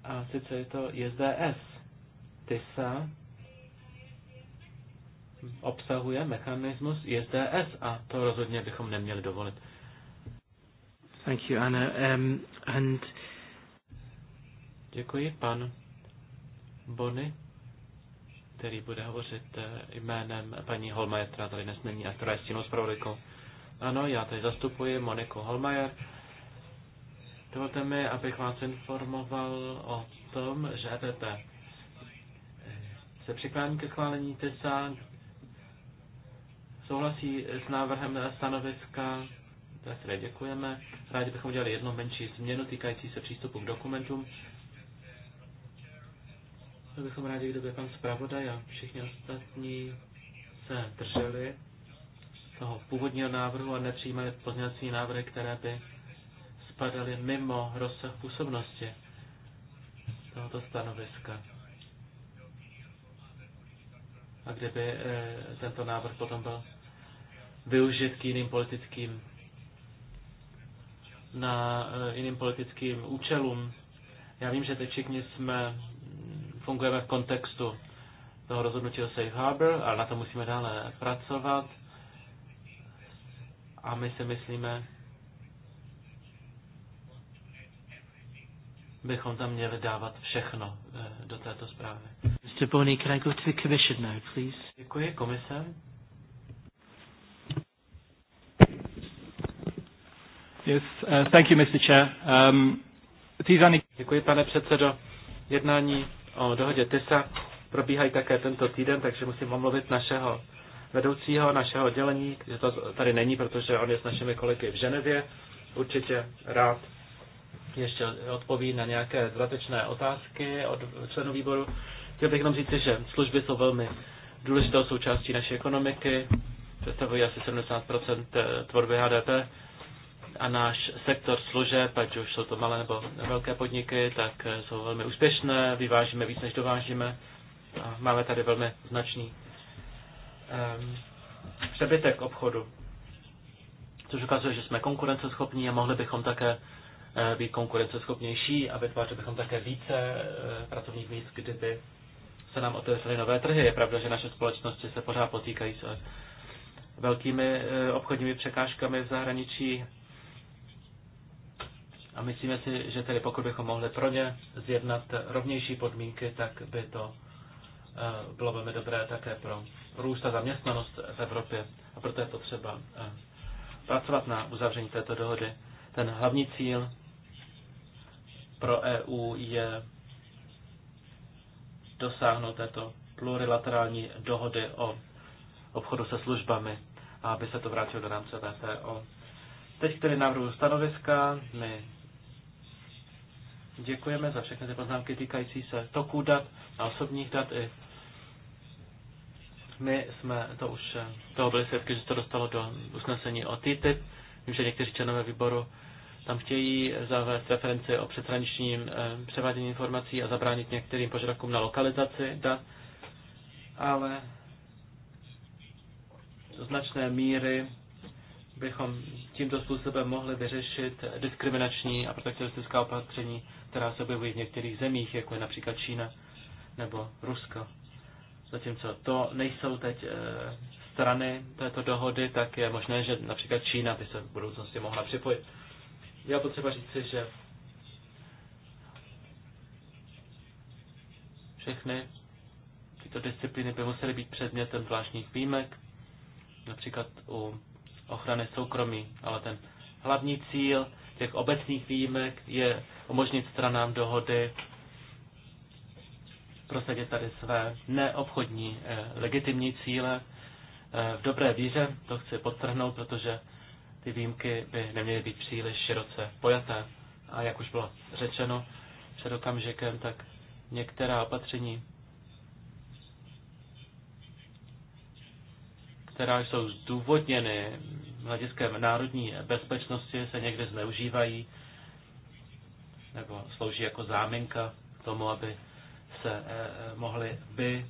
A: A sice je to SDS. TISA obsahuje mechanismus JSDS a to rozhodně bychom neměli dovolit.
B: Thank you, Anna. Um, and...
A: Děkuji, pan Bony, který bude hovořit eh, jménem paní Holmajer, tady dnes není a která je stínou zpravodajkou. Ano, já tady zastupuji Moniku Holmajer. Dovolte mi, abych vás informoval o tom, že EPP eh, se přiklání ke schválení TESA, souhlasí s návrhem stanoviska za které děkujeme. Rádi bychom udělali jednu menší změnu týkající se přístupu k dokumentům. To bychom rádi, kdyby pan zpravodaj a všichni ostatní se drželi toho původního návrhu a nepřijímali pozměňovací návrhy, které by spadaly mimo rozsah působnosti tohoto stanoviska. A kdyby eh, tento návrh potom byl využit k jiným politickým na eh, jiným politickým účelům. Já vím, že teď všichni jsme, mm, fungujeme v kontextu toho rozhodnutí o Safe Harbor, ale na to musíme dále pracovat. A my si myslíme, bychom tam měli dávat všechno eh, do této zprávy.
B: Mr. Boney, can I go to the commission now, please?
A: Děkuji, komise. Yes, uh, thank you, Mr. Chair. Um, Děkuji, pane předsedo. Jednání o dohodě TISA probíhají také tento týden, takže musím omluvit našeho vedoucího našeho oddělení, že to tady není, protože on je s našimi kolegy v Ženevě. Určitě rád ještě odpoví na nějaké zvratečné otázky od členů výboru. Chtěl bych jenom říct, že služby jsou velmi důležitou součástí naší ekonomiky, představují asi 70 eh, tvorby HDP a náš sektor služeb, ať už jsou to malé nebo velké podniky, tak jsou velmi úspěšné, vyvážíme víc, než dovážíme a máme tady velmi značný um, přebytek obchodu, což ukazuje, že jsme konkurenceschopní a mohli bychom také eh, být konkurenceschopnější a vytvářeli bychom také více eh, pracovních míst, kdyby se nám otevřely nové trhy. Je pravda, že naše společnosti se pořád potýkají s velkými eh, obchodními překážkami v zahraničí, a myslíme si, že tedy pokud bychom mohli pro ně zjednat rovnější podmínky, tak by to eh, bylo velmi dobré také pro růst a zaměstnanost v Evropě. A proto je potřeba eh, pracovat na uzavření této dohody. Ten hlavní cíl pro EU je dosáhnout této plurilaterální dohody o obchodu se službami, aby se to vrátilo do rámce VTO. Teď tedy návrhu stanoviska. My Děkujeme za všechny ty poznámky týkající se toku dat a osobních dat i my jsme to už, toho byli svědky, že to dostalo do usnesení o TTIP. Vím, že někteří členové výboru tam chtějí zavést referenci o přeshraničním eh, převádění informací a zabránit některým požadavkům na lokalizaci dat, ale do značné míry bychom tímto způsobem mohli vyřešit diskriminační a protekcionistická opatření, která se objevují v některých zemích, jako je například Čína nebo Rusko. Zatímco to nejsou teď eh, strany této dohody, tak je možné, že například Čína by se v budoucnosti mohla připojit. Já potřeba říci, že všechny tyto disciplíny by musely být předmětem zvláštních výjimek, například u ochrany soukromí, ale ten hlavní cíl těch obecných výjimek je umožnit stranám dohody prosadit tady své neobchodní eh, legitimní cíle eh, v dobré víře, to chci podtrhnout, protože ty výjimky by neměly být příliš široce pojaté. A jak už bylo řečeno před okamžikem, tak některá opatření která jsou zdůvodněny hlediskem národní bezpečnosti, se někdy zneužívají nebo slouží jako záminka k tomu, aby se eh, mohli by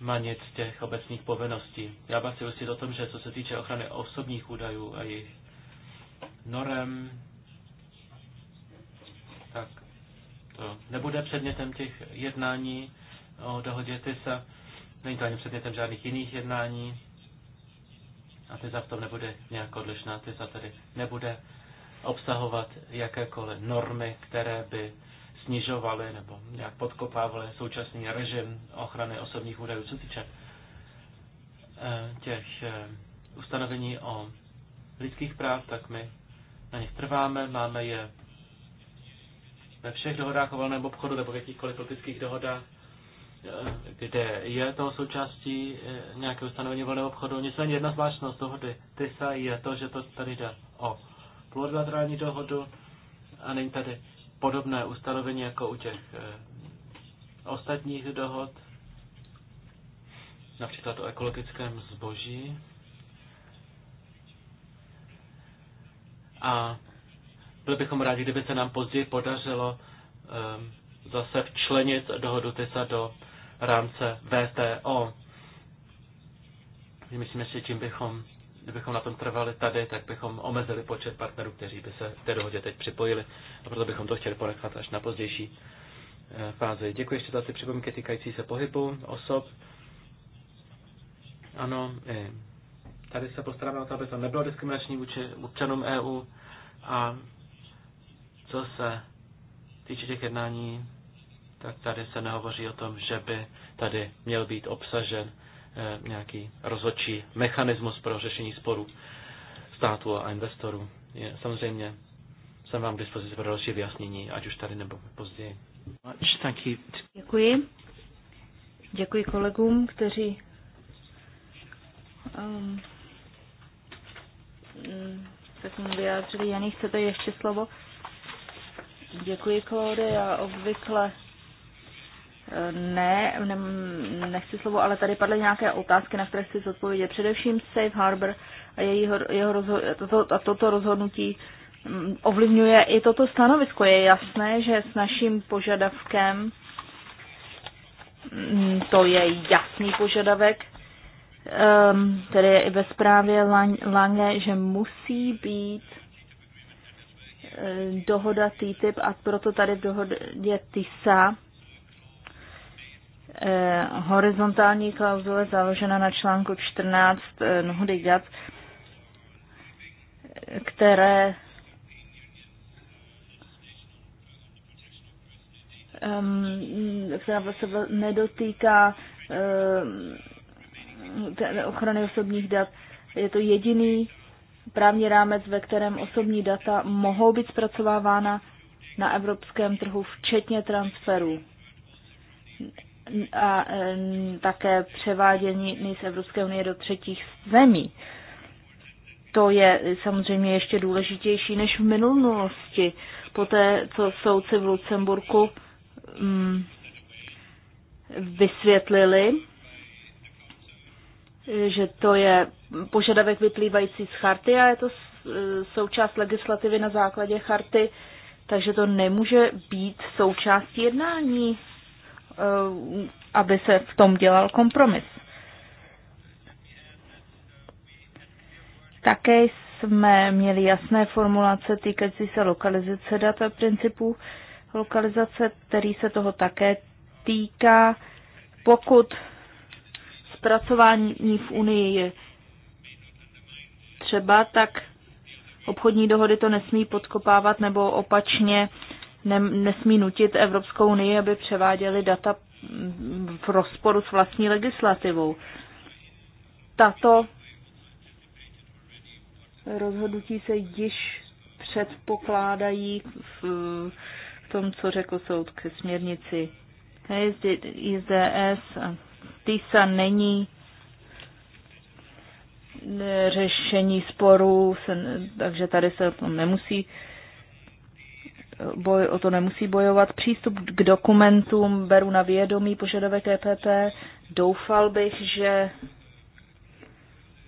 A: manit těch obecných povinností. Já bych si ujistit o tom, že co se týče ochrany osobních údajů a jejich norem, tak to nebude předmětem těch jednání o dohodě TISA Není to ani předmětem žádných jiných jednání. A ty v tom nebude nějak odlišná. Ty tedy nebude obsahovat jakékoliv normy, které by snižovaly nebo nějak podkopávaly současný režim ochrany osobních údajů, co týče eh, těch eh, ustanovení o lidských práv, tak my na nich trváme, máme je ve všech dohodách o volném obchodu nebo v jakýchkoliv politických dohodách kde je to součástí eh, nějakého stanovení volného obchodu. Nicméně jedna zvláštnost dohody TISA je to, že to tady jde o plurilaterální dohodu a není tady podobné ustanovení jako u těch eh, ostatních dohod, například o ekologickém zboží. A byli bychom rádi, kdyby se nám později podařilo um, zase včlenit dohodu TISA do rámce VTO. Myslím, si, čím bychom, kdybychom na tom trvali tady, tak bychom omezili počet partnerů, kteří by se té dohodě teď připojili a proto bychom to chtěli ponechat až na pozdější eh, fázi. Děkuji ještě za ty připomínky týkající se pohybu osob. Ano, tady se postaráme o to, aby to nebylo diskriminační vůči občanům EU a co se týče těch jednání tak tady se nehovoří o tom, že by tady měl být obsažen eh, nějaký rozhodčí mechanismus pro řešení sporů státu a investorů. Je, samozřejmě jsem vám k dispozici pro další vyjasnění, ať už tady nebo později.
D: Děkuji. Děkuji kolegům, kteří um, se k tomu vyjádřili. Janí, chcete ještě slovo? Děkuji, Klody. Já obvykle ne, ne, nechci slovo, ale tady padly nějaké otázky, na které chci zodpovědět. Především Safe Harbor a, jejího, jeho rozho- toto, a toto rozhodnutí mm, ovlivňuje i toto stanovisko. Je jasné, že s naším požadavkem, mm, to je jasný požadavek, ehm, tedy je i ve zprávě Lange, že musí být eh, dohoda TTIP a proto tady v dohodě TISA Eh, horizontální klauzule založena na článku 14 eh, Nuhody GAP, které která se nedotýká eh, ochrany osobních dat. Je to jediný právní rámec, ve kterém osobní data mohou být zpracovávána na evropském trhu, včetně transferů a e, také převádění z Evropské unie do třetích zemí. To je samozřejmě ještě důležitější než v minulosti. Poté, co soudci v Lucemburku mm, vysvětlili, že to je požadavek vyplývající z charty a je to e, součást legislativy na základě charty, takže to nemůže být součástí jednání Eh, aby se v tom dělal kompromis. Také jsme měli jasné formulace týkající se lokalizace dat a principů lokalizace, který se toho také týká. Pokud zpracování v Unii je třeba, tak obchodní dohody to nesmí podkopávat nebo opačně ne, nesmí nutit Evropskou unii, aby převáděli data v rozporu s vlastní legislativou. Tato rozhodnutí se již předpokládají v, v tom, co řekl soud ke směrnici IZS. TISA není řešení sporů, takže tady se o tom nemusí boj, o to nemusí bojovat. Přístup k dokumentům beru na vědomí požadavek EPP. Doufal bych, že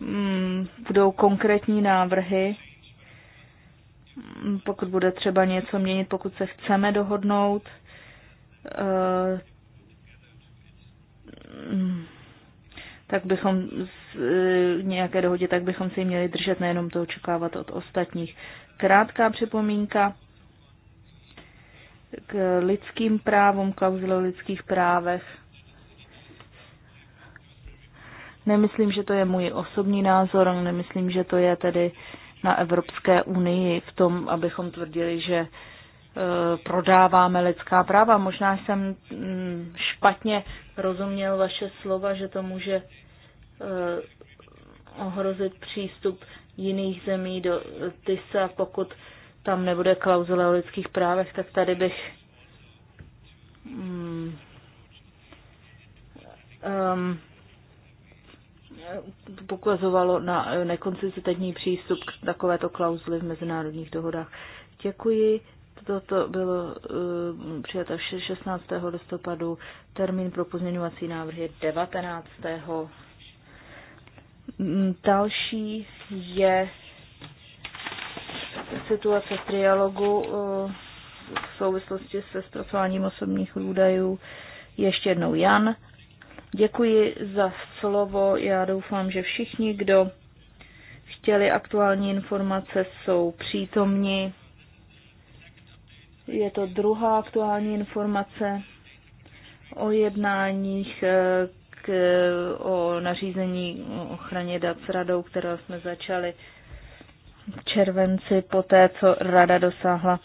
D: mm, budou konkrétní návrhy, mm, pokud bude třeba něco měnit, pokud se chceme dohodnout. Eh, mm, tak bychom z eh, nějaké dohodě, tak bychom si měli držet, nejenom to očekávat od ostatních. Krátká připomínka k lidským právům, klauzule o lidských právech. Nemyslím, že to je můj osobní názor, nemyslím, že to je tedy na Evropské unii v tom, abychom tvrdili, že e, prodáváme lidská práva. Možná jsem mm, špatně rozuměl vaše slova, že to může e, ohrozit přístup jiných zemí do e, TISA, pokud tam nebude klauzule o lidských právech, tak tady bych um, um, pokazovalo na nekonsistentní přístup k takovéto klauzuli v mezinárodních dohodách. Děkuji. Toto bylo uh, přijato 16. listopadu. Termín pro pozměňovací návrh je 19. Mm, další je situace v trialogu eh, v souvislosti se zpracováním osobních údajů. Ještě jednou Jan. Děkuji za slovo. Já doufám, že všichni, kdo chtěli aktuální informace, jsou přítomni. Je to druhá aktuální informace o jednáních eh, k, o nařízení ochraně dat s radou, kterou jsme začali v červenci, poté co Rada dosáhla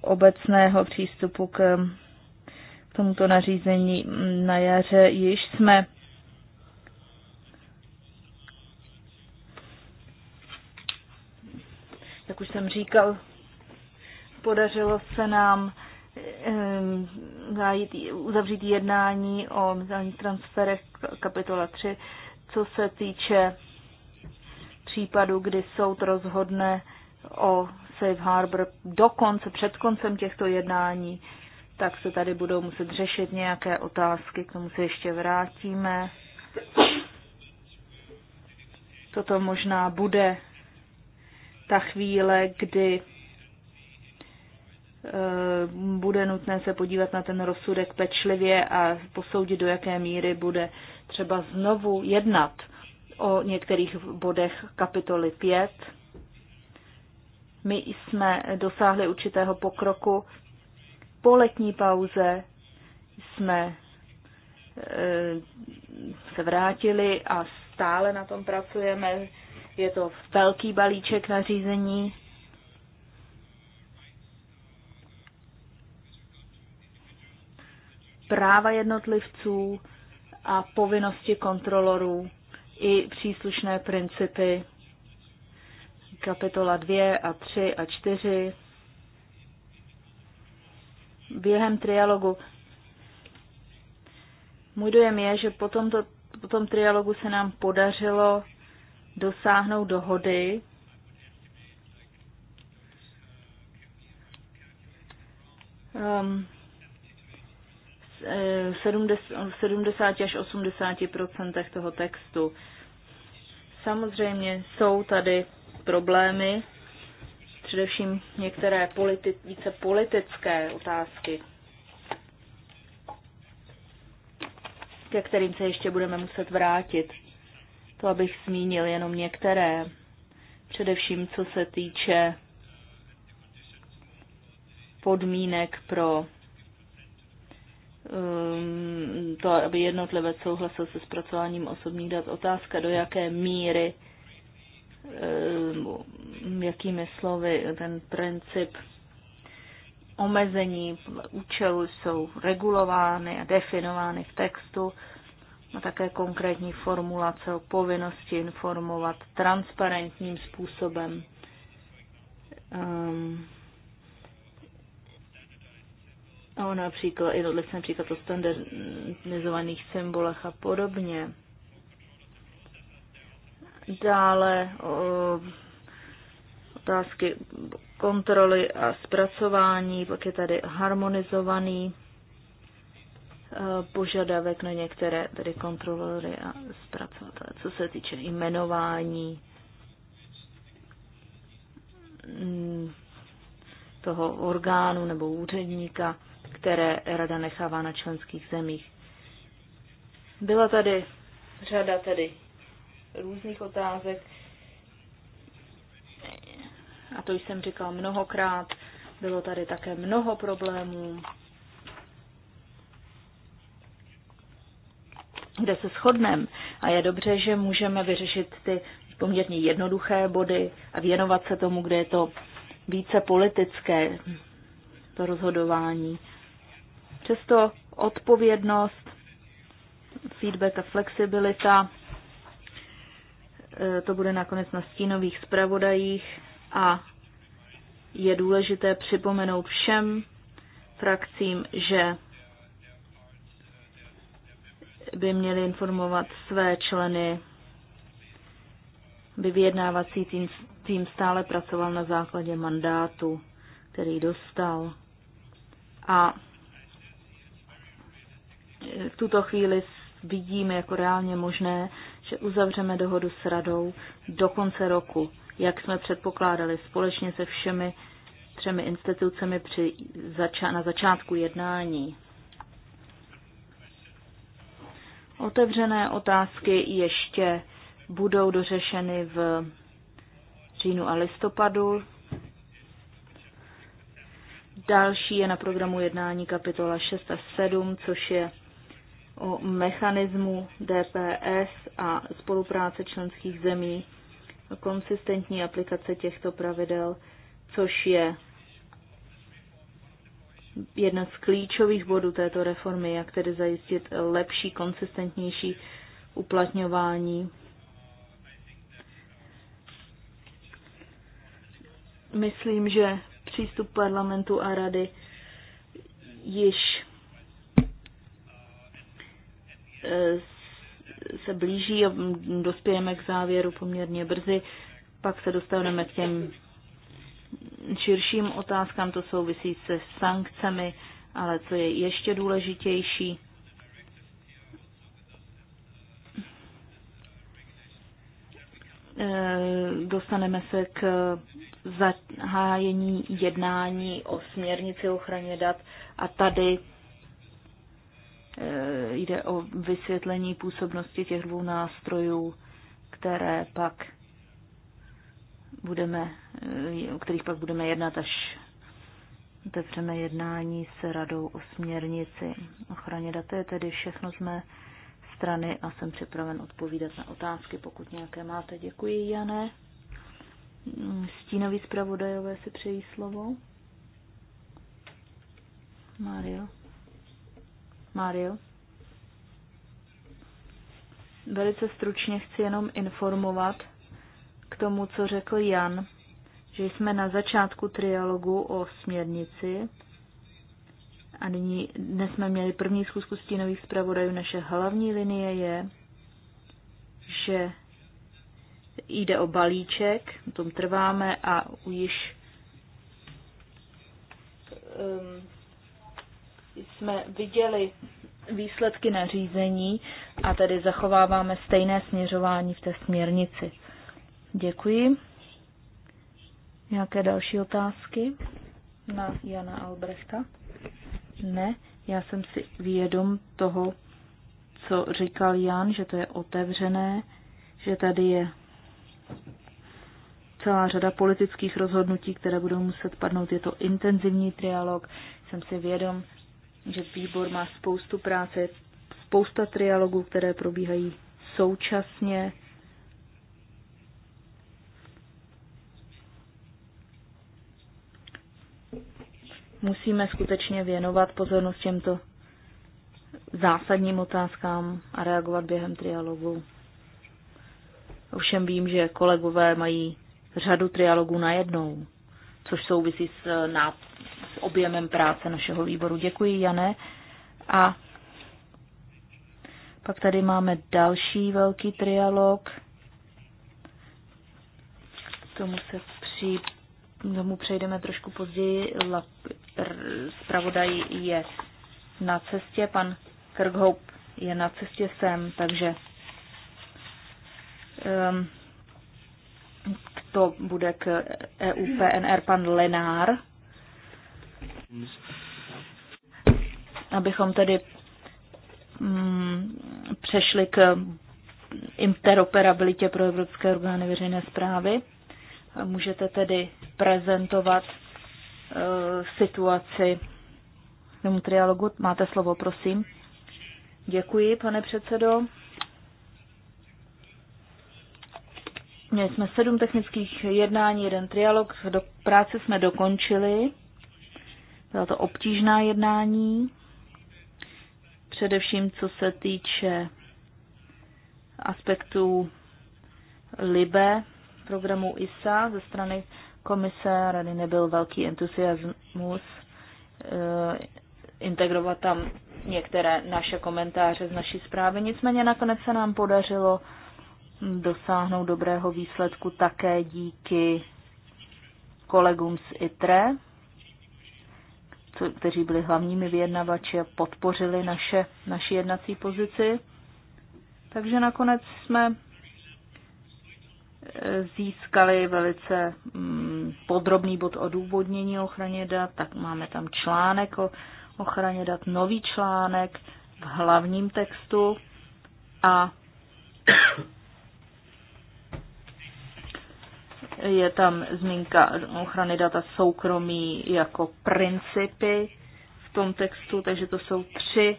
D: obecného přístupu k tomuto nařízení na jaře, již jsme jak už jsem říkal, podařilo se nám zajít, uzavřít jednání o mezinárodních transferech kapitola 3, co se týče případu, kdy soud rozhodne o Safe Harbor dokonce před koncem těchto jednání, tak se tady budou muset řešit nějaké otázky, k tomu se ještě vrátíme. Toto možná bude ta chvíle, kdy eh, bude nutné se podívat na ten rozsudek pečlivě a posoudit, do jaké míry bude třeba znovu jednat o některých bodech kapitoly 5. My jsme dosáhli určitého pokroku. Po letní pauze jsme eh, se vrátili a stále na tom pracujeme. Je to velký balíček nařízení. Práva jednotlivců a povinnosti kontrolorů i příslušné principy kapitola 2 a 3 a 4. Během trialogu můj dojem je, že po, tomto, po tom trialogu se nám podařilo dosáhnout dohody, um, 70 až 80 toho textu. Samozřejmě jsou tady problémy, především některé politi- více politické otázky, ke kterým se ještě budeme muset vrátit. To abych zmínil jenom některé, především co se týče podmínek pro Um, to, aby jednotlivec souhlasil se zpracováním osobních dat. Otázka, do jaké míry, um, jakými slovy ten princip omezení účelu jsou regulovány a definovány v textu a také konkrétní formulace o povinnosti informovat transparentním způsobem. Um, o například jednotlivcem, například o standardizovaných symbolech a podobně. Dále o otázky kontroly a zpracování, pak je tady harmonizovaný e, požadavek na některé tedy kontrolory a zpracovatele, co se týče jmenování mm, toho orgánu nebo úředníka které rada nechává na členských zemích. Byla tady řada tedy různých otázek a to jsem říkal mnohokrát. Bylo tady také mnoho problémů, kde se shodneme. A je dobře, že můžeme vyřešit ty poměrně jednoduché body a věnovat se tomu, kde je to více politické, to rozhodování. Často odpovědnost, feedback a flexibilita, e, to bude nakonec na stínových zpravodajích a je důležité připomenout všem frakcím, že by měli informovat své členy, by vyjednávací tým, tým stále pracoval na základě mandátu, který dostal. A v tuto chvíli vidíme jako reálně možné, že uzavřeme dohodu s radou do konce roku, jak jsme předpokládali společně se všemi třemi institucemi při zača- na začátku jednání. Otevřené otázky ještě budou dořešeny v říjnu a listopadu. Další je na programu jednání kapitola 6 a 7, což je o mechanismu DPS a spolupráce členských zemí, konsistentní aplikace těchto pravidel, což je jedna z klíčových bodů této reformy, jak tedy zajistit lepší, konsistentnější uplatňování. Myslím, že přístup parlamentu a rady již Eh, se blíží a dospějeme k závěru poměrně brzy. Pak se dostaneme k těm širším otázkám, to souvisí se sankcemi, ale co je ještě důležitější, eh, dostaneme se k zahájení jednání o směrnici ochraně dat a tady Eh, jde o vysvětlení působnosti těch dvou nástrojů, které pak budeme, eh, o kterých pak budeme jednat, až otevřeme jednání s radou o směrnici ochraně dat. To je tedy všechno z mé strany a jsem připraven odpovídat na otázky, pokud nějaké máte. Děkuji, Jane. Stínový zpravodajové si přejí slovo. Mario. Mario. Velice stručně chci jenom informovat k tomu, co řekl Jan, že jsme na začátku trialogu o směrnici a nyní dnes jsme měli první schůzku stínových zpravodajů. Naše hlavní linie je, že jde o balíček, na tom trváme a už. um, jsme viděli výsledky nařízení a tedy zachováváme stejné směřování v té směrnici. Děkuji. Nějaké další otázky na Jana Albrechta? Ne, já jsem si vědom toho, co říkal Jan, že to je otevřené, že tady je celá řada politických rozhodnutí, které budou muset padnout. Je to intenzivní trialog, jsem si vědom že výbor má spoustu práce, spousta trialogů, které probíhají současně. Musíme skutečně věnovat pozornost těmto zásadním otázkám a reagovat během trialogu. Ovšem vím, že kolegové mají řadu trialogů najednou, což souvisí s, ná, objemem práce našeho výboru. Děkuji, Jane. A pak tady máme další velký trialog. K tomu se při, tomu přejdeme trošku později. La, zpravodaj je na cestě, pan Krghoup je na cestě sem, takže um, to bude k EU PNR pan Lenár. Abychom tedy mm, přešli k interoperabilitě pro evropské orgány veřejné zprávy. Můžete tedy prezentovat e, situaci tomu trialogu. Máte slovo, prosím. Děkuji, pane předsedo. Měli jsme sedm technických jednání, jeden trialog, do práce jsme dokončili. Byla to obtížná jednání, především co se týče aspektů LIBE, programu ISA ze strany komise. Rady nebyl velký entuziasmus eh, integrovat tam některé naše komentáře z naší zprávy. Nicméně nakonec se nám podařilo dosáhnout dobrého výsledku také díky kolegům z ITRE, kteří byli hlavními vyjednavači a podpořili naše, naši jednací pozici. Takže nakonec jsme eh, získali velice mm, podrobný bod o o ochraně dat, tak máme tam článek o ochraně dat, nový článek v hlavním textu a Je tam zmínka ochrany data soukromí jako principy v tom textu, takže to jsou tři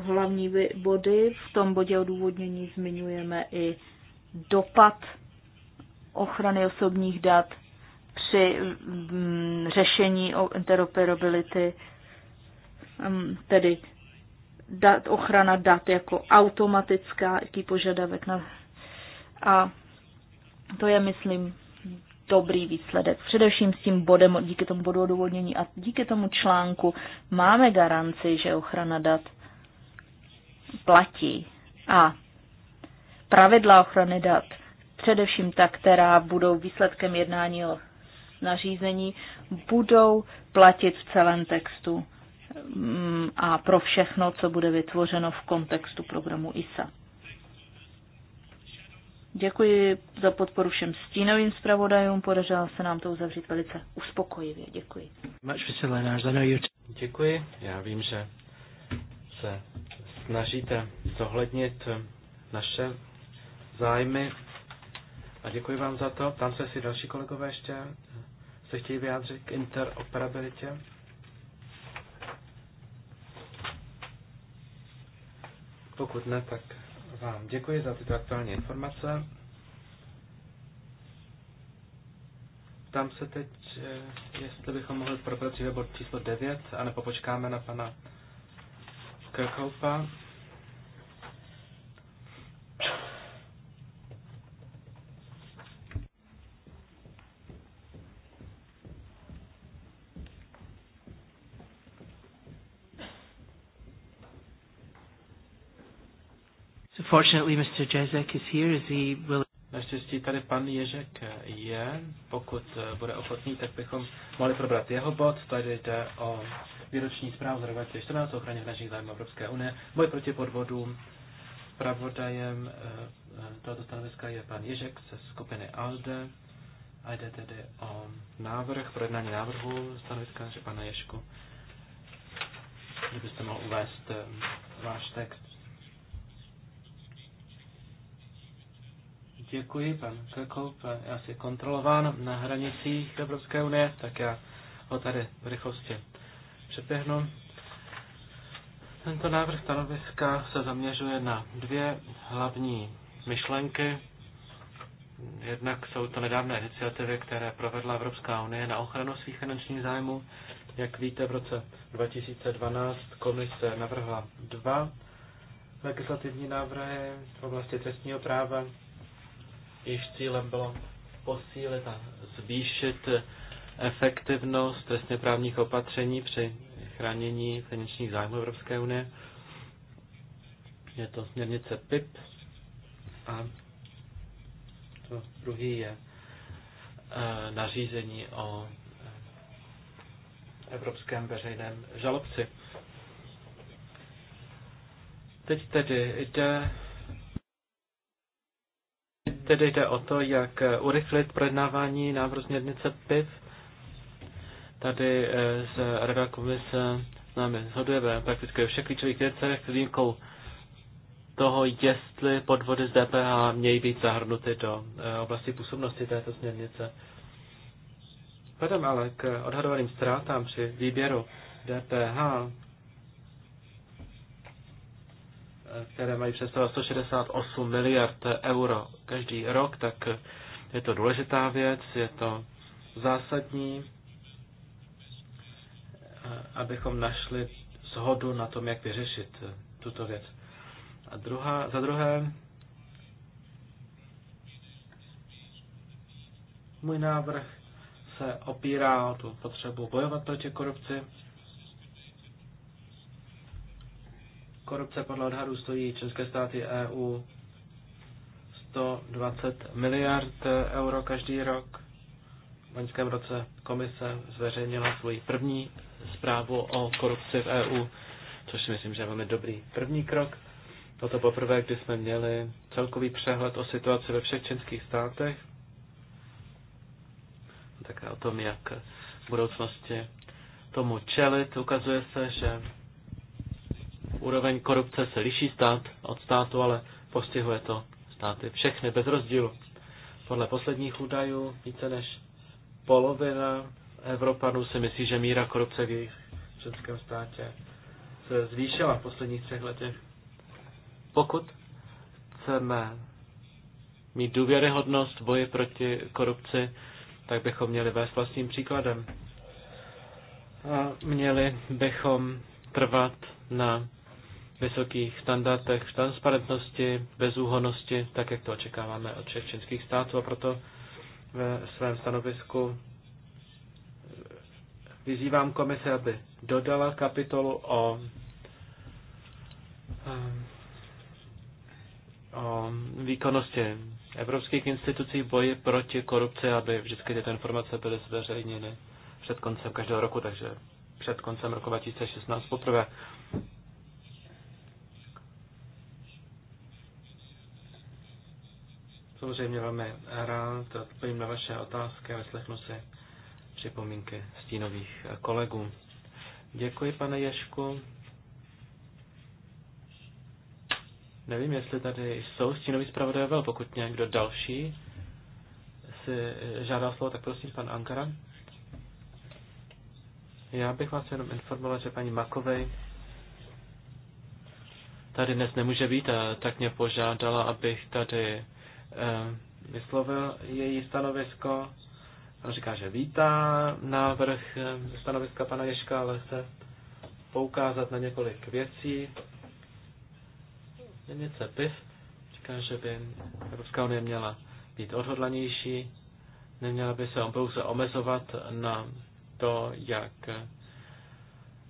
D: hlavní body. V tom bodě odůvodnění zmiňujeme i dopad ochrany osobních dat při mm, řešení o interoperability, mm, tedy dat, ochrana dat jako automatická jaký požadavek na a to je, myslím, dobrý výsledek. Především s tím bodem, díky tomu bodu odůvodnění a díky tomu článku máme garanci, že ochrana dat platí. A pravidla ochrany dat, především ta, která budou výsledkem jednání o nařízení, budou platit v celém textu mm, a pro všechno, co bude vytvořeno v kontextu programu ISA. Děkuji za podporu všem stínovým zpravodajům. Podařilo se nám to uzavřít velice uspokojivě. Děkuji.
B: Děkuji.
A: Já vím, že se snažíte zohlednit naše zájmy a děkuji vám za to. Tam se si další kolegové ještě se chtějí vyjádřit k interoperabilitě. Pokud ne, tak vám děkuji za tyto aktuální informace. Tam se teď, eh, jestli bychom mohli probrat dříve bod číslo 9, anebo počkáme na pana Kirkhopa.
B: Fortunately, Mr. Jezek is here. Is he willing?
A: Naštěstí tady pan Ježek je. Pokud eh, bude ochotný, tak bychom mohli probrat jeho bod. Tady jde o výroční zprávu z roku 2014 o ochraně finančních zájmů Evropské unie, boj proti podvodům. Pravodajem eh, eh, tohoto stanoviska je pan Ježek ze skupiny ALDE. A jde tedy o návrh, projednání návrhu stanoviska že pana Ježku. Kdybyste mohl uvést váš text. Děkuji, pan Kekop je asi kontrolován na hranicích Evropské unie, tak já ho tady v rychlosti přepěhnu. Tento návrh stanoviska se zaměřuje na dvě hlavní myšlenky. Jednak jsou to nedávné iniciativy, které provedla Evropská unie na ochranu svých finančních zájmů. Jak víte, v roce 2012 komise navrhla dva legislativní návrhy v oblasti trestního práva jejich cílem bylo posílit a zvýšit efektivnost trestně právních opatření při chránění finančních zájmů Evropské unie. Je to směrnice PIP a to druhý je e, nařízení o evropském veřejném žalobci. Teď tedy jde tedy jde o to, jak eh, urychlit projednávání návrhu směrnice PIV. Tady eh, se Rada komise s námi shoduje prakticky všech klíčových věcech s výjimkou toho, jestli podvody z DPH mějí být zahrnuty do eh, oblasti působnosti této směrnice. Potom ale k odhadovaným ztrátám při výběru DPH které mají představovat 168 miliard euro každý rok, tak je to důležitá věc, je to zásadní, abychom našli shodu na tom, jak vyřešit tuto věc. A druhá, za druhé, můj návrh se opírá o tu potřebu bojovat proti korupci, Korupce podle odhadu stojí české státy EU 120 miliard euro každý rok. V loňském roce komise zveřejnila svoji první zprávu o korupci v EU, což si myslím, že je velmi dobrý první krok. Toto poprvé, kdy jsme měli celkový přehled o situaci ve všech českých státech, také o tom, jak v budoucnosti tomu čelit. Ukazuje se, že Úroveň korupce se liší stát od státu, ale postihuje to státy všechny bez rozdílu. Podle posledních údajů více než polovina Evropanů si myslí, že míra korupce v jejich českém státě se zvýšila v posledních třech letech. Pokud chceme mít důvěryhodnost v boji proti korupci, tak bychom měli vést vlastním příkladem. A měli bychom trvat na vysokých standardech v transparentnosti, bezúhonosti, tak jak to očekáváme od všech členských států a proto ve svém stanovisku vyzývám komise, aby dodala kapitolu o, eh, o výkonnosti evropských institucí boji proti korupci, aby vždycky tyto informace byly zveřejněny před koncem každého roku, takže před koncem roku 2016 poprvé. Samozřejmě velmi rád odpovím na vaše otázky a vyslechnu si připomínky stínových kolegů. Děkuji, pane Ješku. Nevím, jestli tady jsou stínoví zpravodajové, pokud někdo další si žádá slovo, tak prosím, pan Ankara. Já bych vás jenom informoval, že paní Makovej tady dnes nemůže být a tak mě požádala, abych tady Eh, vyslovil její stanovisko. On říká, že vítá návrh eh, stanoviska pana Ješka, ale chce poukázat na několik věcí. Něco PIF říká, že by Evropská unie měla být odhodlanější, neměla by se on pouze omezovat na to, jak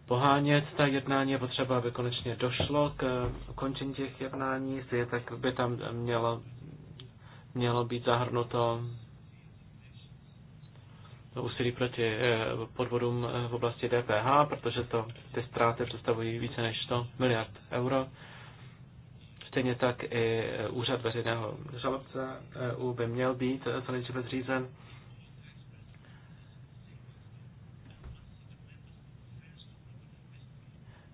A: pohánět ta jednání, je potřeba, aby konečně došlo k eh, končení těch jednání, je tak by tam mělo mělo být zahrnuto do úsilí proti eh, podvodům eh, v oblasti DPH, protože to, ty ztráty představují více než 100 miliard euro. Stejně tak i eh, úřad veřejného žalobce EU by měl být co nejdříve zřízen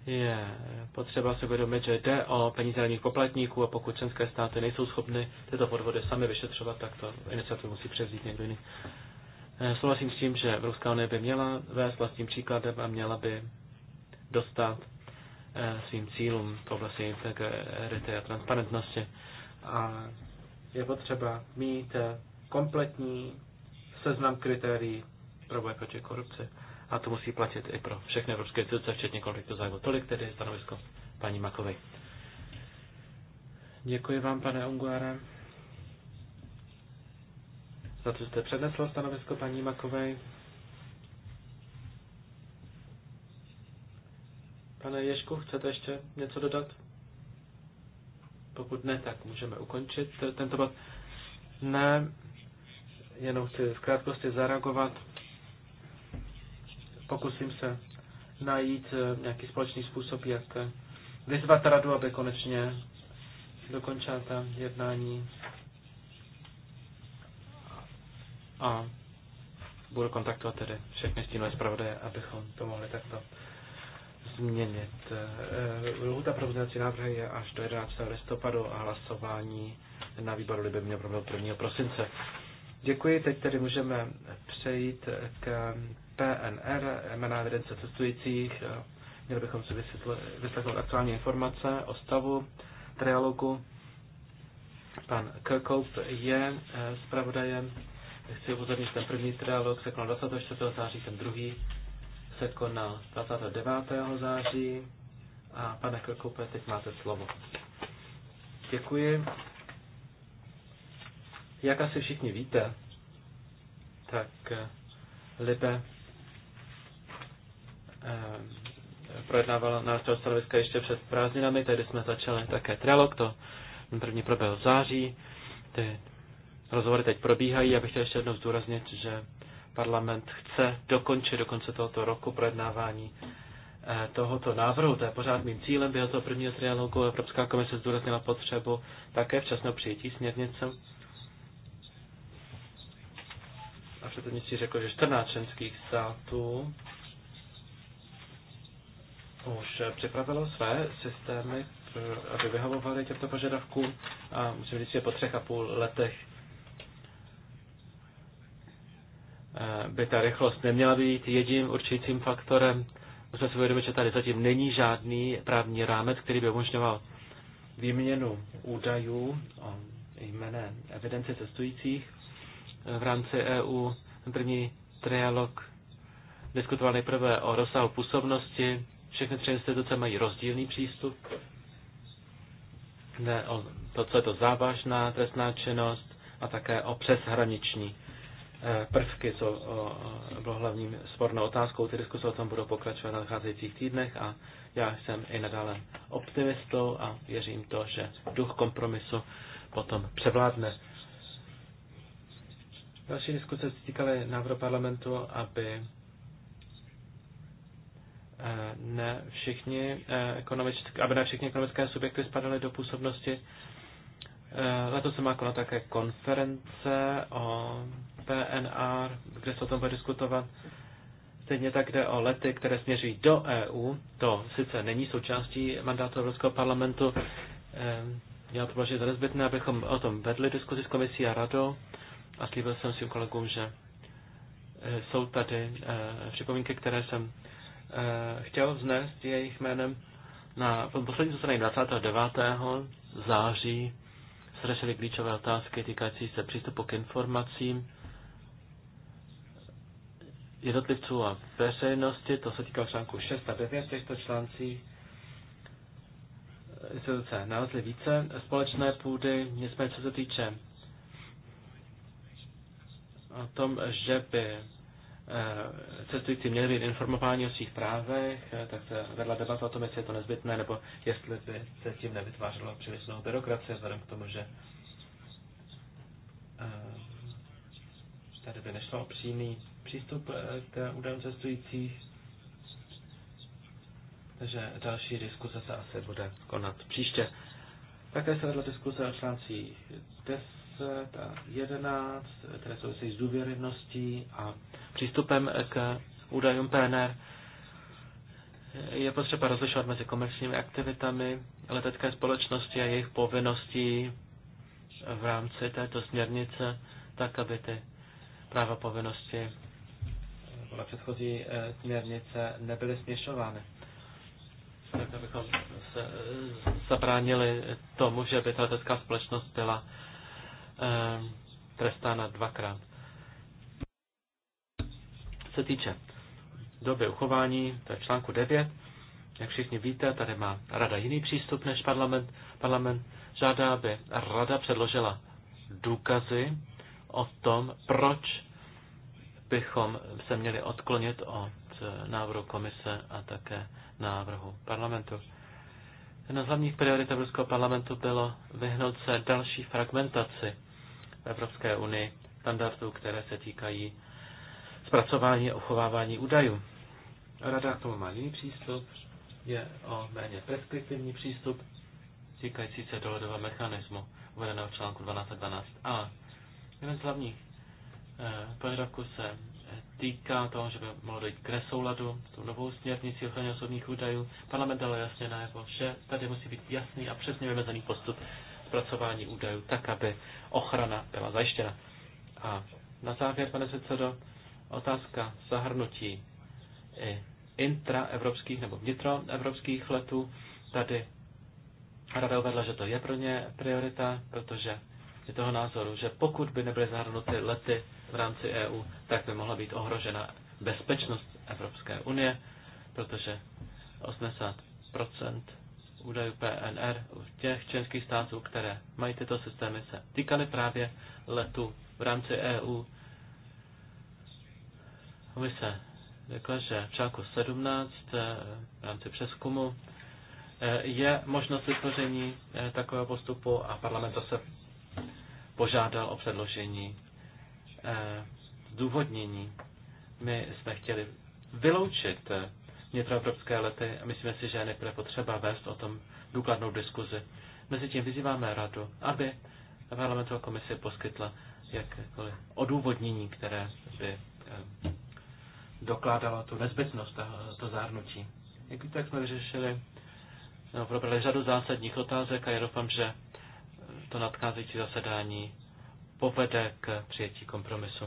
A: je potřeba si uvědomit, že jde o peníze daných poplatníků a pokud členské státy nejsou schopny tyto podvody sami vyšetřovat, tak to iniciativu musí převzít někdo jiný. Eh, souhlasím s tím, že Evropská unie by měla vést vlastním příkladem a měla by dostat eh, svým cílům v oblasti integrity a transparentnosti. A je potřeba mít eh, kompletní seznam kritérií pro boj proti korupci a to musí platit i pro všechny evropské instituce, včetně konfliktu zájmu. Tolik tedy stanovisko paní Makovej. Děkuji vám, pane Unguare, za to, že jste přednesl stanovisko paní Makovej. Pane Ježku, chcete ještě něco dodat? Pokud ne, tak můžeme ukončit tento bod. Ne, jenom chci v krátkosti zareagovat pokusím se najít eh, nějaký společný způsob, jak eh, vyzvat radu, aby konečně dokončila ta jednání a budu kontaktovat tedy všechny stínové zpravodaje, abychom to mohli takto změnit. Eh, Lhuta pro vznací návrhy je až do 11. listopadu a hlasování na výboru by mělo proběhnout 1. prosince. Děkuji, teď tedy můžeme přejít k PNR, jména evidence cestujících. Eh, měli bychom si vyslechnout aktuální informace o stavu trialogu. Pan Kirkhope je eh, zpravodajem. Chci upozornit, ten první trialog se konal 24. září, ten druhý se konal 29. září. A pane Kirkhope, teď máte slovo. Děkuji. Jak asi všichni víte, tak eh, Libe Eh, projednával nástroj stanoviska ještě před prázdninami, tehdy jsme začali také trialog, to první proběhl v září, ty rozhovory teď probíhají, já bych chtěl ještě jednou zdůraznit, že parlament chce dokončit do konce tohoto roku projednávání eh, tohoto návrhu. To je pořád mým cílem. byl to prvního trialogu Evropská komise zdůraznila potřebu také včasného přijetí směrnice. A předtím si řekl, že 14 členských států už připravilo své systémy, eh, aby vyhovovaly těmto požadavkům a musím říct, že po třech a půl letech eh, by ta rychlost neměla být jedním určujícím faktorem. Musíme si uvědomit, že tady zatím není žádný právní rámec, který by umožňoval výměnu údajů o jméne evidence cestujících v rámci EU. Ten první trialog diskutoval nejprve o rozsahu působnosti všechny tři instituce mají rozdílný přístup. Jde o to, co je to závažná trestná činnost a také o přeshraniční eh, prvky, co bylo hlavním spornou otázkou. Ty diskuse o tom budou pokračovat na nadcházejících týdnech a já jsem i nadále optimistou a věřím to, že duch kompromisu potom převládne. Další diskuse se týkaly návrhu parlamentu, aby Eh, ne všichni eh, ekonomické, aby ne všichni ekonomické subjekty spadaly do působnosti. Eh, letos se má konat také konference o PNR, kde se o tom bude diskutovat. Stejně tak jde o lety, které směřují do EU. To sice není součástí mandátu Evropského parlamentu. Já to považuji za nezbytné, abychom o tom vedli diskuzi s komisí a radou. A slíbil jsem svým kolegům, že jsou tady připomínky, které jsem Eh, chtěl vznést jejich jménem na poslední zasedání 29. září se řešily klíčové otázky týkající se přístupu k informacím jednotlivců a veřejnosti, to se týká článku 6 a 9 těchto článcích. Instituce nalezly více společné půdy, nicméně co se týče o tom, že by Eh, cestující měli být informováni o svých právech, eh, tak se vedla debata o tom, jestli je to nezbytné, nebo jestli by se tím nevytvářelo přemyslnou byrokracie, vzhledem k tomu, že eh, tady by nešlo o přímý přístup k údajům cestujících. Takže další diskuse se asi bude konat příště. Také se vedla diskuse o článcích 10 10 a 11, které souvisí s důvěrností a přístupem k údajům PNR, je potřeba rozlišovat mezi komerčními aktivitami letecké společnosti a jejich povinností v rámci této směrnice, tak aby ty práva povinnosti na předchozí eh, směrnice nebyly směšovány. Tak abychom se eh, zabránili tomu, že by ta letecká společnost byla Eh, trestána dvakrát. Se týče doby uchování, to je článku 9, jak všichni víte, tady má rada jiný přístup než parlament. Parlament žádá, aby rada předložila důkazy o tom, proč bychom se měli odklonit od návrhu komise a také návrhu parlamentu. Jedna z hlavních priorit Evropského parlamentu bylo vyhnout se další fragmentaci Evropské unii standardů, které se týkají zpracování a uchovávání údajů. Rada k tomu má jiný přístup, je o méně preskriptivní přístup, týkající se dohodového mechanismu, uvedeného v článku 12 a A jeden z hlavních eh, požadavků se týká toho, že by mohlo dojít k nesouladu s tou novou směrnicí ochrany osobních údajů. Parlament dal jasně najevo, že tady musí být jasný a přesně vymezený postup zpracování údajů tak, aby ochrana byla zajištěna. A na závěr, pane předsedo, otázka zahrnutí i intraevropských nebo vnitroevropských letů. Tady Rada uvedla, že to je pro ně priorita, protože je toho názoru, že pokud by nebyly zahrnuty lety v rámci EU, tak by mohla být ohrožena bezpečnost Evropské unie, protože 80 údajů PNR v těch členských států, které mají tyto systémy, se týkaly právě letu v rámci EU. se řekla, že v článku 17 eh, v rámci přeskumu eh, je možnost vytvoření eh, takového postupu a parlament se požádal o předložení zdůvodnění. My jsme chtěli vyloučit vnitroevropské lety a myslíme si, že je nejprve potřeba vést o tom důkladnou diskuzi. Mezitím vyzýváme radu, aby parlamentu a komisi poskytla jakékoliv odůvodnění, které by eh, dokládalo tu nezbytnost to zahrnutí. Jak víte, tak jsme vyřešili, no, probrali řadu zásadních otázek a já doufám, že eh, to nadcházející zasedání povede k přijetí kompromisu.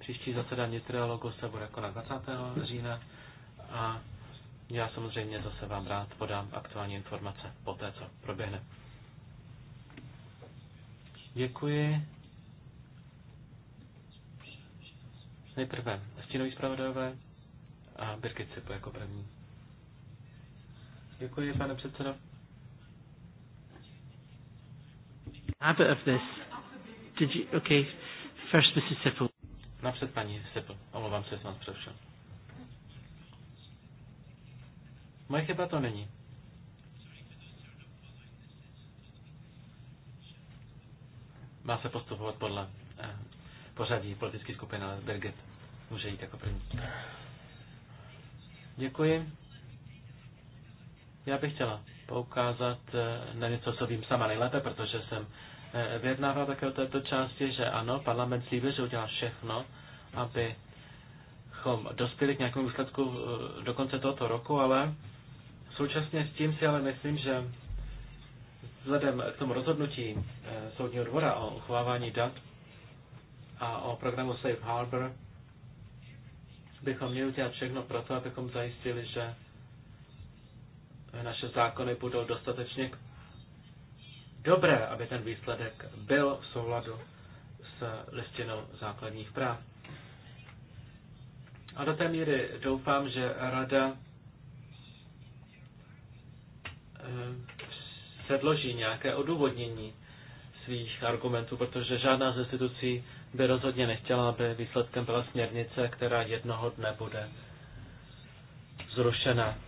A: Příští zasedání trialogu se bude konat 20. října a já samozřejmě zase vám rád podám aktuální informace po té, co proběhne. Děkuji. Nejprve stínový zpravodajové a Birgit Cipo jako první. Děkuji, pane předsedo.
B: After of this, did you, okay, first Mrs. Sippel.
A: Napřed paní Sippel, omlouvám se, jsem vás přerušil. Moje chyba to není. Má se postupovat podle eh, pořadí politické skupiny, ale Birgit může jít jako první. Děkuji. Já bych chtěla poukázat eh, na něco, co vím sama nejlépe, protože jsem eh, vyjednával také o této části, že ano, parlament slíbil, že udělá všechno, abychom dospěli k nějakému výsledku eh, do konce tohoto roku, ale Současně s tím si ale myslím, že vzhledem k tomu rozhodnutí eh, soudního dvora o uchovávání dat a o programu Safe Harbor bychom měli dělat všechno pro to, abychom zajistili, že naše zákony budou dostatečně dobré, aby ten výsledek byl v souladu s listinou základních práv. A do té míry doufám, že Rada předloží nějaké odůvodnění svých argumentů, protože žádná z institucí by rozhodně nechtěla, aby výsledkem byla směrnice, která jednoho dne bude zrušena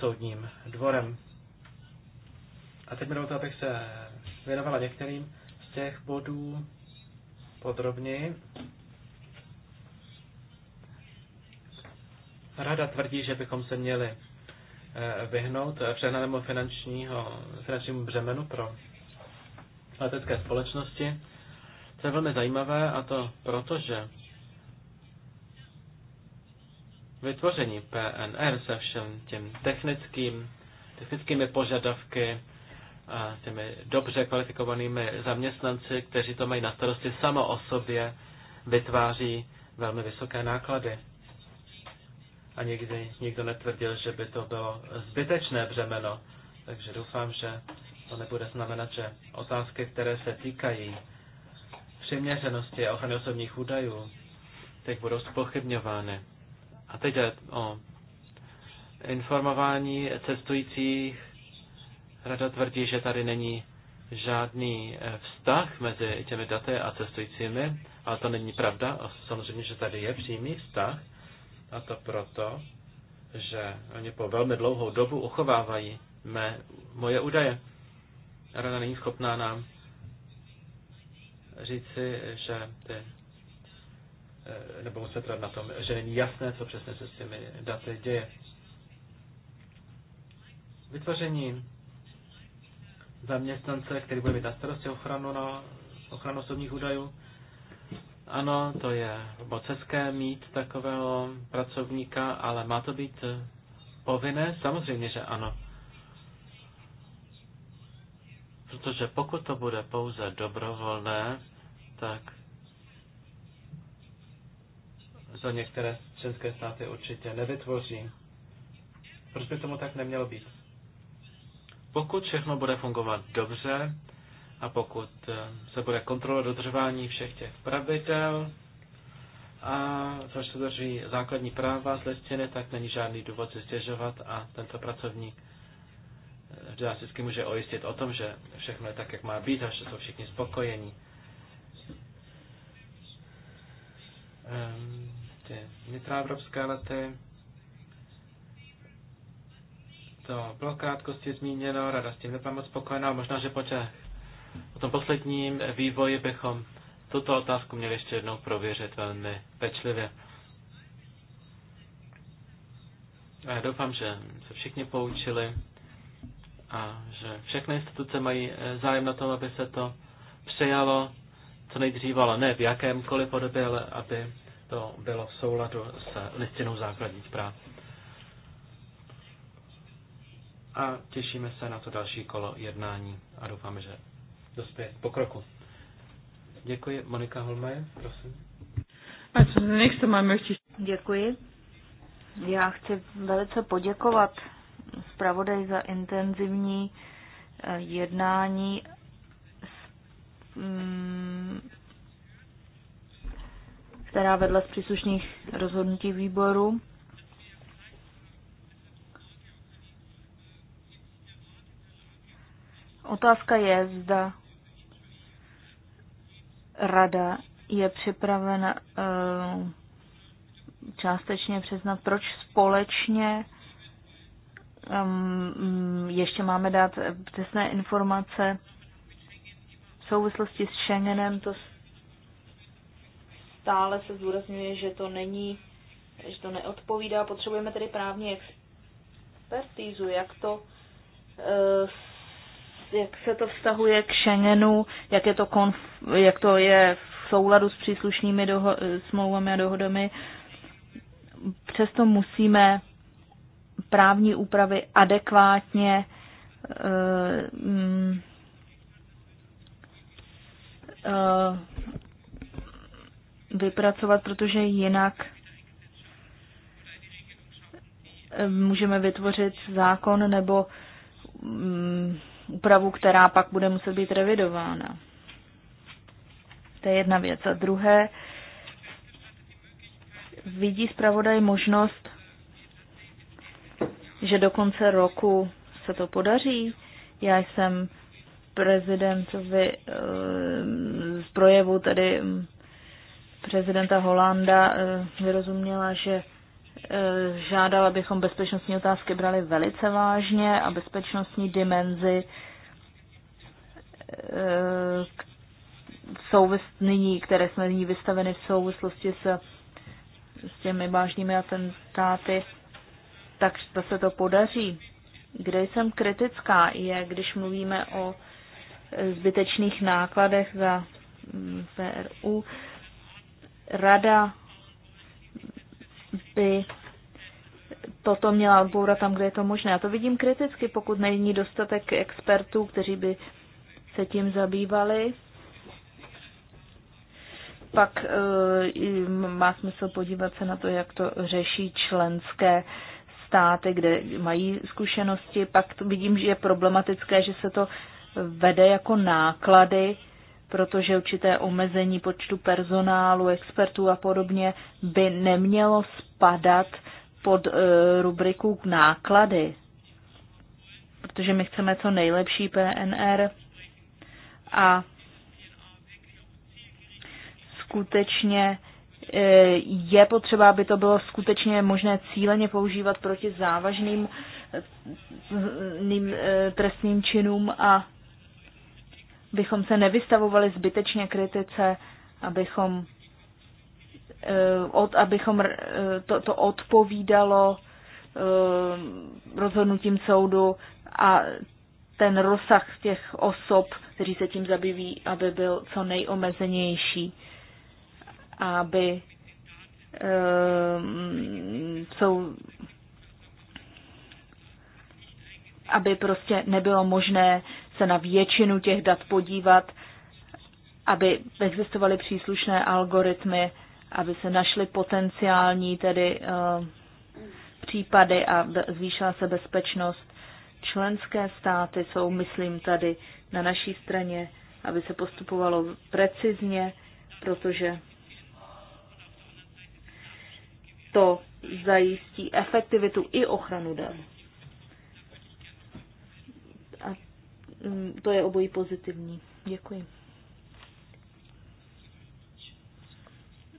A: soudním dvorem. A teď mi dovolte, abych se věnovala některým z těch bodů podrobněji. Rada tvrdí, že bychom se měli Eh, vyhnout eh, přehnanému finančního, finančnímu břemenu pro letecké společnosti. To je velmi zajímavé a to proto, že vytvoření PNR se všem těm technickým, technickými požadavky a těmi dobře kvalifikovanými zaměstnanci, kteří to mají na starosti samo o sobě, vytváří velmi vysoké náklady a nikdy nikdo netvrdil, že by to bylo zbytečné břemeno. Takže doufám, že to nebude znamenat, že otázky, které se týkají přiměřenosti a ochrany osobních údajů, teď budou spochybňovány. A teď je o informování cestujících. Rada tvrdí, že tady není žádný eh, vztah mezi těmi daty a cestujícími, ale to není pravda. A samozřejmě, že tady je přímý vztah. A to proto, že oni po velmi dlouhou dobu uchovávají mé, moje údaje. Rada není schopná nám říci, že ty, eh, nebo se trvat na tom, že není jasné, co přesně se s těmi daty děje. Vytvoření zaměstnance, který bude mít na starosti ochranu, na, no, ochranu osobních údajů, ano, to je moc mít takového pracovníka, ale má to být eh, povinné? Samozřejmě, že ano. Protože pokud to bude pouze dobrovolné, tak to některé členské státy určitě nevytvoří. Proč by tomu tak nemělo být? Pokud všechno bude fungovat dobře, a pokud eh, se bude kontrolovat dodržování všech těch pravidel, a což se drží základní práva z listiny, tak není žádný důvod se stěžovat a tento pracovník eh, vždycky může ojistit o tom, že všechno je tak, jak má být a že jsou všichni spokojení. Ehm, ty vnitroevropské lety, to bylo krátkosti zmíněno, rada s tím nebyla moc spokojená, možná, že po těch O tom posledním vývoji bychom tuto otázku měli ještě jednou prověřit velmi pečlivě. A já doufám, že se všichni poučili a že všechny instituce mají eh, zájem na tom, aby se to přejalo co nejdříve, ale ne v jakémkoliv podobě, ale aby to bylo v souladu s listinou základních práv. A těšíme se na to další kolo jednání a doufáme, že dospět pokroku. Děkuji. Monika Holmajer, prosím.
C: A co nechce,
D: máme ještě? Děkuji. Já chci velice poděkovat zpravodaj za intenzivní eh, jednání mm, která vedla z příslušných rozhodnutí výboru. Otázka je, zda rada je připravena eh, částečně přiznat, proč společně ehm, mm, ještě máme dát přesné informace v souvislosti s Schengenem. To stále se zdůrazňuje, že to není, že to neodpovídá. Potřebujeme tedy právní expertízu, jak to eh, jak se to vztahuje k Schengenu, jak, je to, konf- jak to je v souladu s příslušnými doho- smlouvami a dohodami. Přesto musíme právní úpravy adekvátně uh, uh, vypracovat, protože jinak eh, můžeme vytvořit zákon nebo um, úpravu, která pak bude muset být revidována. To je jedna věc. A druhé, vidí zpravodaj možnost, že do konce roku se to podaří. Já jsem prezidentovi eh, z projevu tedy mm, prezidenta Holanda eh, vyrozuměla, že Eh, žádal, abychom bezpečnostní otázky brali velice vážně a bezpečnostní dimenzi eh, nyní, které jsme nyní vystaveny v souvislosti s, s těmi vážnými atentáty, tak to se to podaří. Kde jsem kritická, je, když mluvíme o zbytečných nákladech za mm, PRU. Rada by toto měla odbourat tam, kde je to možné. Já to vidím kriticky, pokud není dostatek expertů, kteří by se tím zabývali. Pak e, má smysl podívat se na to, jak to řeší členské státy, kde mají zkušenosti. Pak vidím, že je problematické, že se to vede jako náklady protože určité omezení počtu personálu, expertů a podobně by nemělo spadat pod rubriku náklady, protože my chceme co nejlepší PNR a skutečně je potřeba, aby to bylo skutečně možné cíleně používat proti závažným trestným činům a bychom se nevystavovali zbytečně kritice, abychom, eh, od, abychom eh, to, to odpovídalo eh, rozhodnutím soudu a ten rozsah těch osob, kteří se tím zabýví, aby byl co nejomezenější, aby jsou aby prostě nebylo možné se na většinu těch dat podívat, aby existovaly příslušné algoritmy, aby se našly potenciální tedy uh, případy a zvýšila se bezpečnost. Členské státy jsou, myslím, tady na naší straně, aby se postupovalo precizně, protože to zajistí efektivitu i ochranu dat. Mm, to je obojí pozitivní. Děkuji.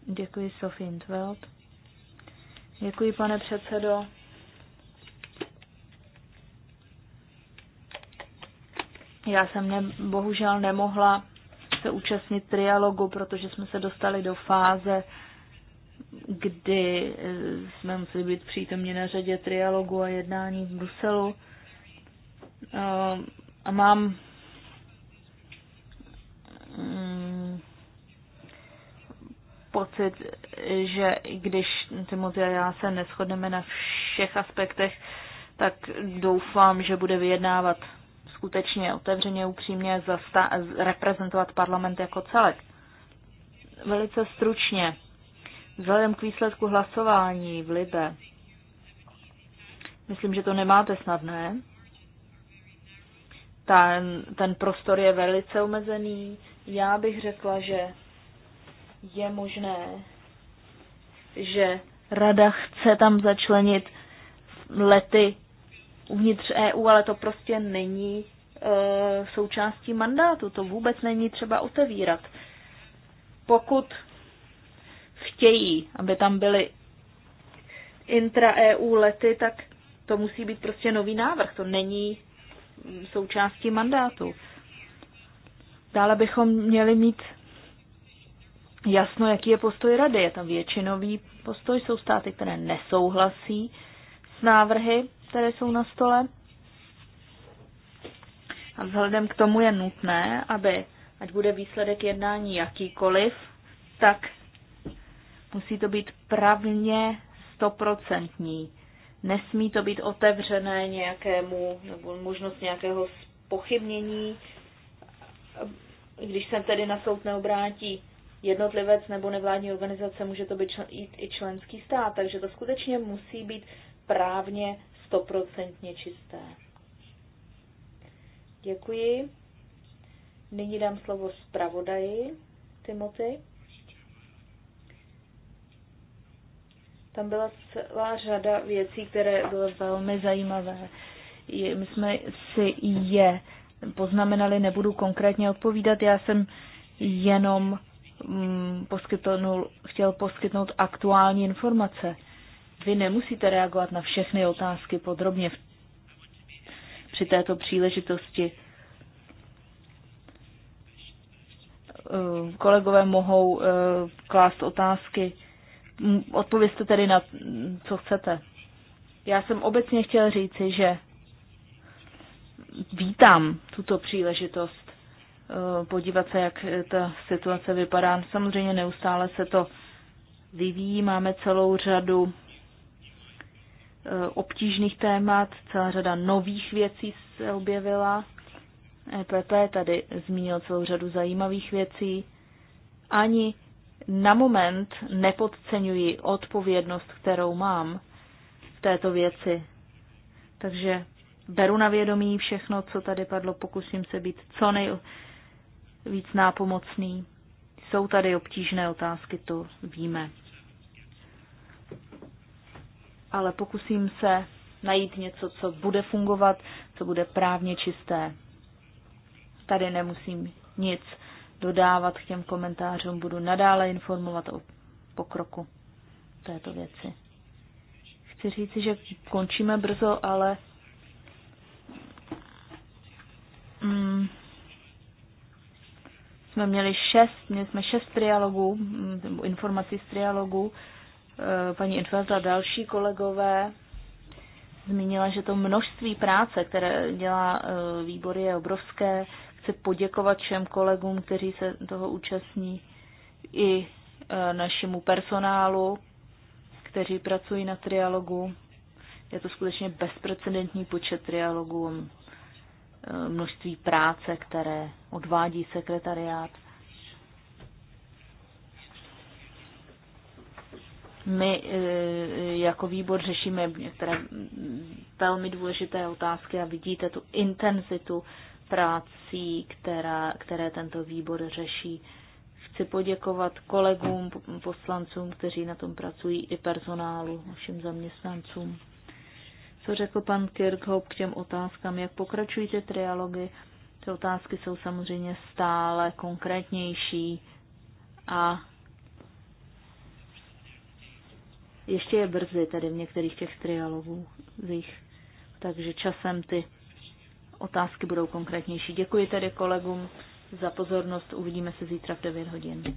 D: Děkuji, Sophie Intveld. Děkuji, pane předsedo. Já jsem ne, bohužel nemohla se účastnit trialogu, protože jsme se dostali do fáze, kdy eh, jsme museli být přítomni na řadě trialogu a jednání v Bruselu. Eh, a mám mm, pocit, že když Timothy a já se neschodneme na všech aspektech, tak doufám, že bude vyjednávat skutečně otevřeně, upřímně, zasta- reprezentovat parlament jako celek. Velice stručně, vzhledem k výsledku hlasování v Libe, myslím, že to nemáte snadné. Ne? ten, ten prostor je velice omezený. Já bych řekla, že je možné, že rada chce tam začlenit lety uvnitř EU, ale to prostě není e, součástí mandátu. To vůbec není třeba otevírat. Pokud chtějí, aby tam byly intra-EU lety, tak to musí být prostě nový návrh. To není součástí mandátu. Dále bychom měli mít jasno, jaký je postoj rady. Je tam většinový postoj, jsou státy, které nesouhlasí s návrhy, které jsou na stole. A vzhledem k tomu je nutné, aby, ať bude výsledek jednání jakýkoliv, tak musí to být pravně stoprocentní. Nesmí to být otevřené nějakému, nebo možnost nějakého pochybnění, když se tedy na soud neobrátí jednotlivec nebo nevládní organizace, může to být člen, i členský stát, takže to skutečně musí být právně stoprocentně čisté. Děkuji. Nyní dám slovo zpravodaji Timothy. Tam byla celá řada věcí, které byly velmi zajímavé. My jsme si je poznamenali, nebudu konkrétně odpovídat, já jsem jenom mm, poskytnul, chtěl poskytnout aktuální informace. Vy nemusíte reagovat na všechny otázky podrobně v, při této příležitosti. Kolegové mohou eh, klást otázky odpověste tedy na, co chcete. Já jsem obecně chtěl říci, že vítám tuto příležitost eh, podívat se, jak ta situace vypadá. Samozřejmě neustále se to vyvíjí, máme celou řadu eh, obtížných témat, celá řada nových věcí se objevila. EPP tady zmínil celou řadu zajímavých věcí. Ani na moment nepodceňuji odpovědnost, kterou mám v této věci. Takže beru na vědomí všechno, co tady padlo, pokusím se být co nejvíc nápomocný. Jsou tady obtížné otázky, to víme. Ale pokusím se najít něco, co bude fungovat, co bude právně čisté. Tady nemusím nic dodávat k těm komentářům. Budu nadále informovat o pokroku této věci. Chci říci, že končíme brzo, ale mm, jsme měli šest, měli jsme šest trialogů, mm, informací z trialogů. E, paní Infeld a další kolegové zmínila, že to množství práce, které dělá e, výbor, je obrovské. Chci poděkovat všem kolegům, kteří se toho účastní, i e, našemu personálu, kteří pracují na trialogu. Je to skutečně bezprecedentní počet trialogů, e, množství práce, které odvádí sekretariát. My e, jako výbor řešíme některé velmi důležité otázky a vidíte tu intenzitu prací, která, které tento výbor řeší. Chci poděkovat kolegům, poslancům, kteří na tom pracují, i personálu, všem zaměstnancům. Co řekl pan Kirkhope k těm otázkám, jak pokračují ty trialogy? Ty otázky jsou samozřejmě stále konkrétnější a ještě je brzy tady v některých těch trialogů, takže časem ty otázky budou konkrétnější. Děkuji tedy kolegům za pozornost. Uvidíme se zítra v 9 hodin.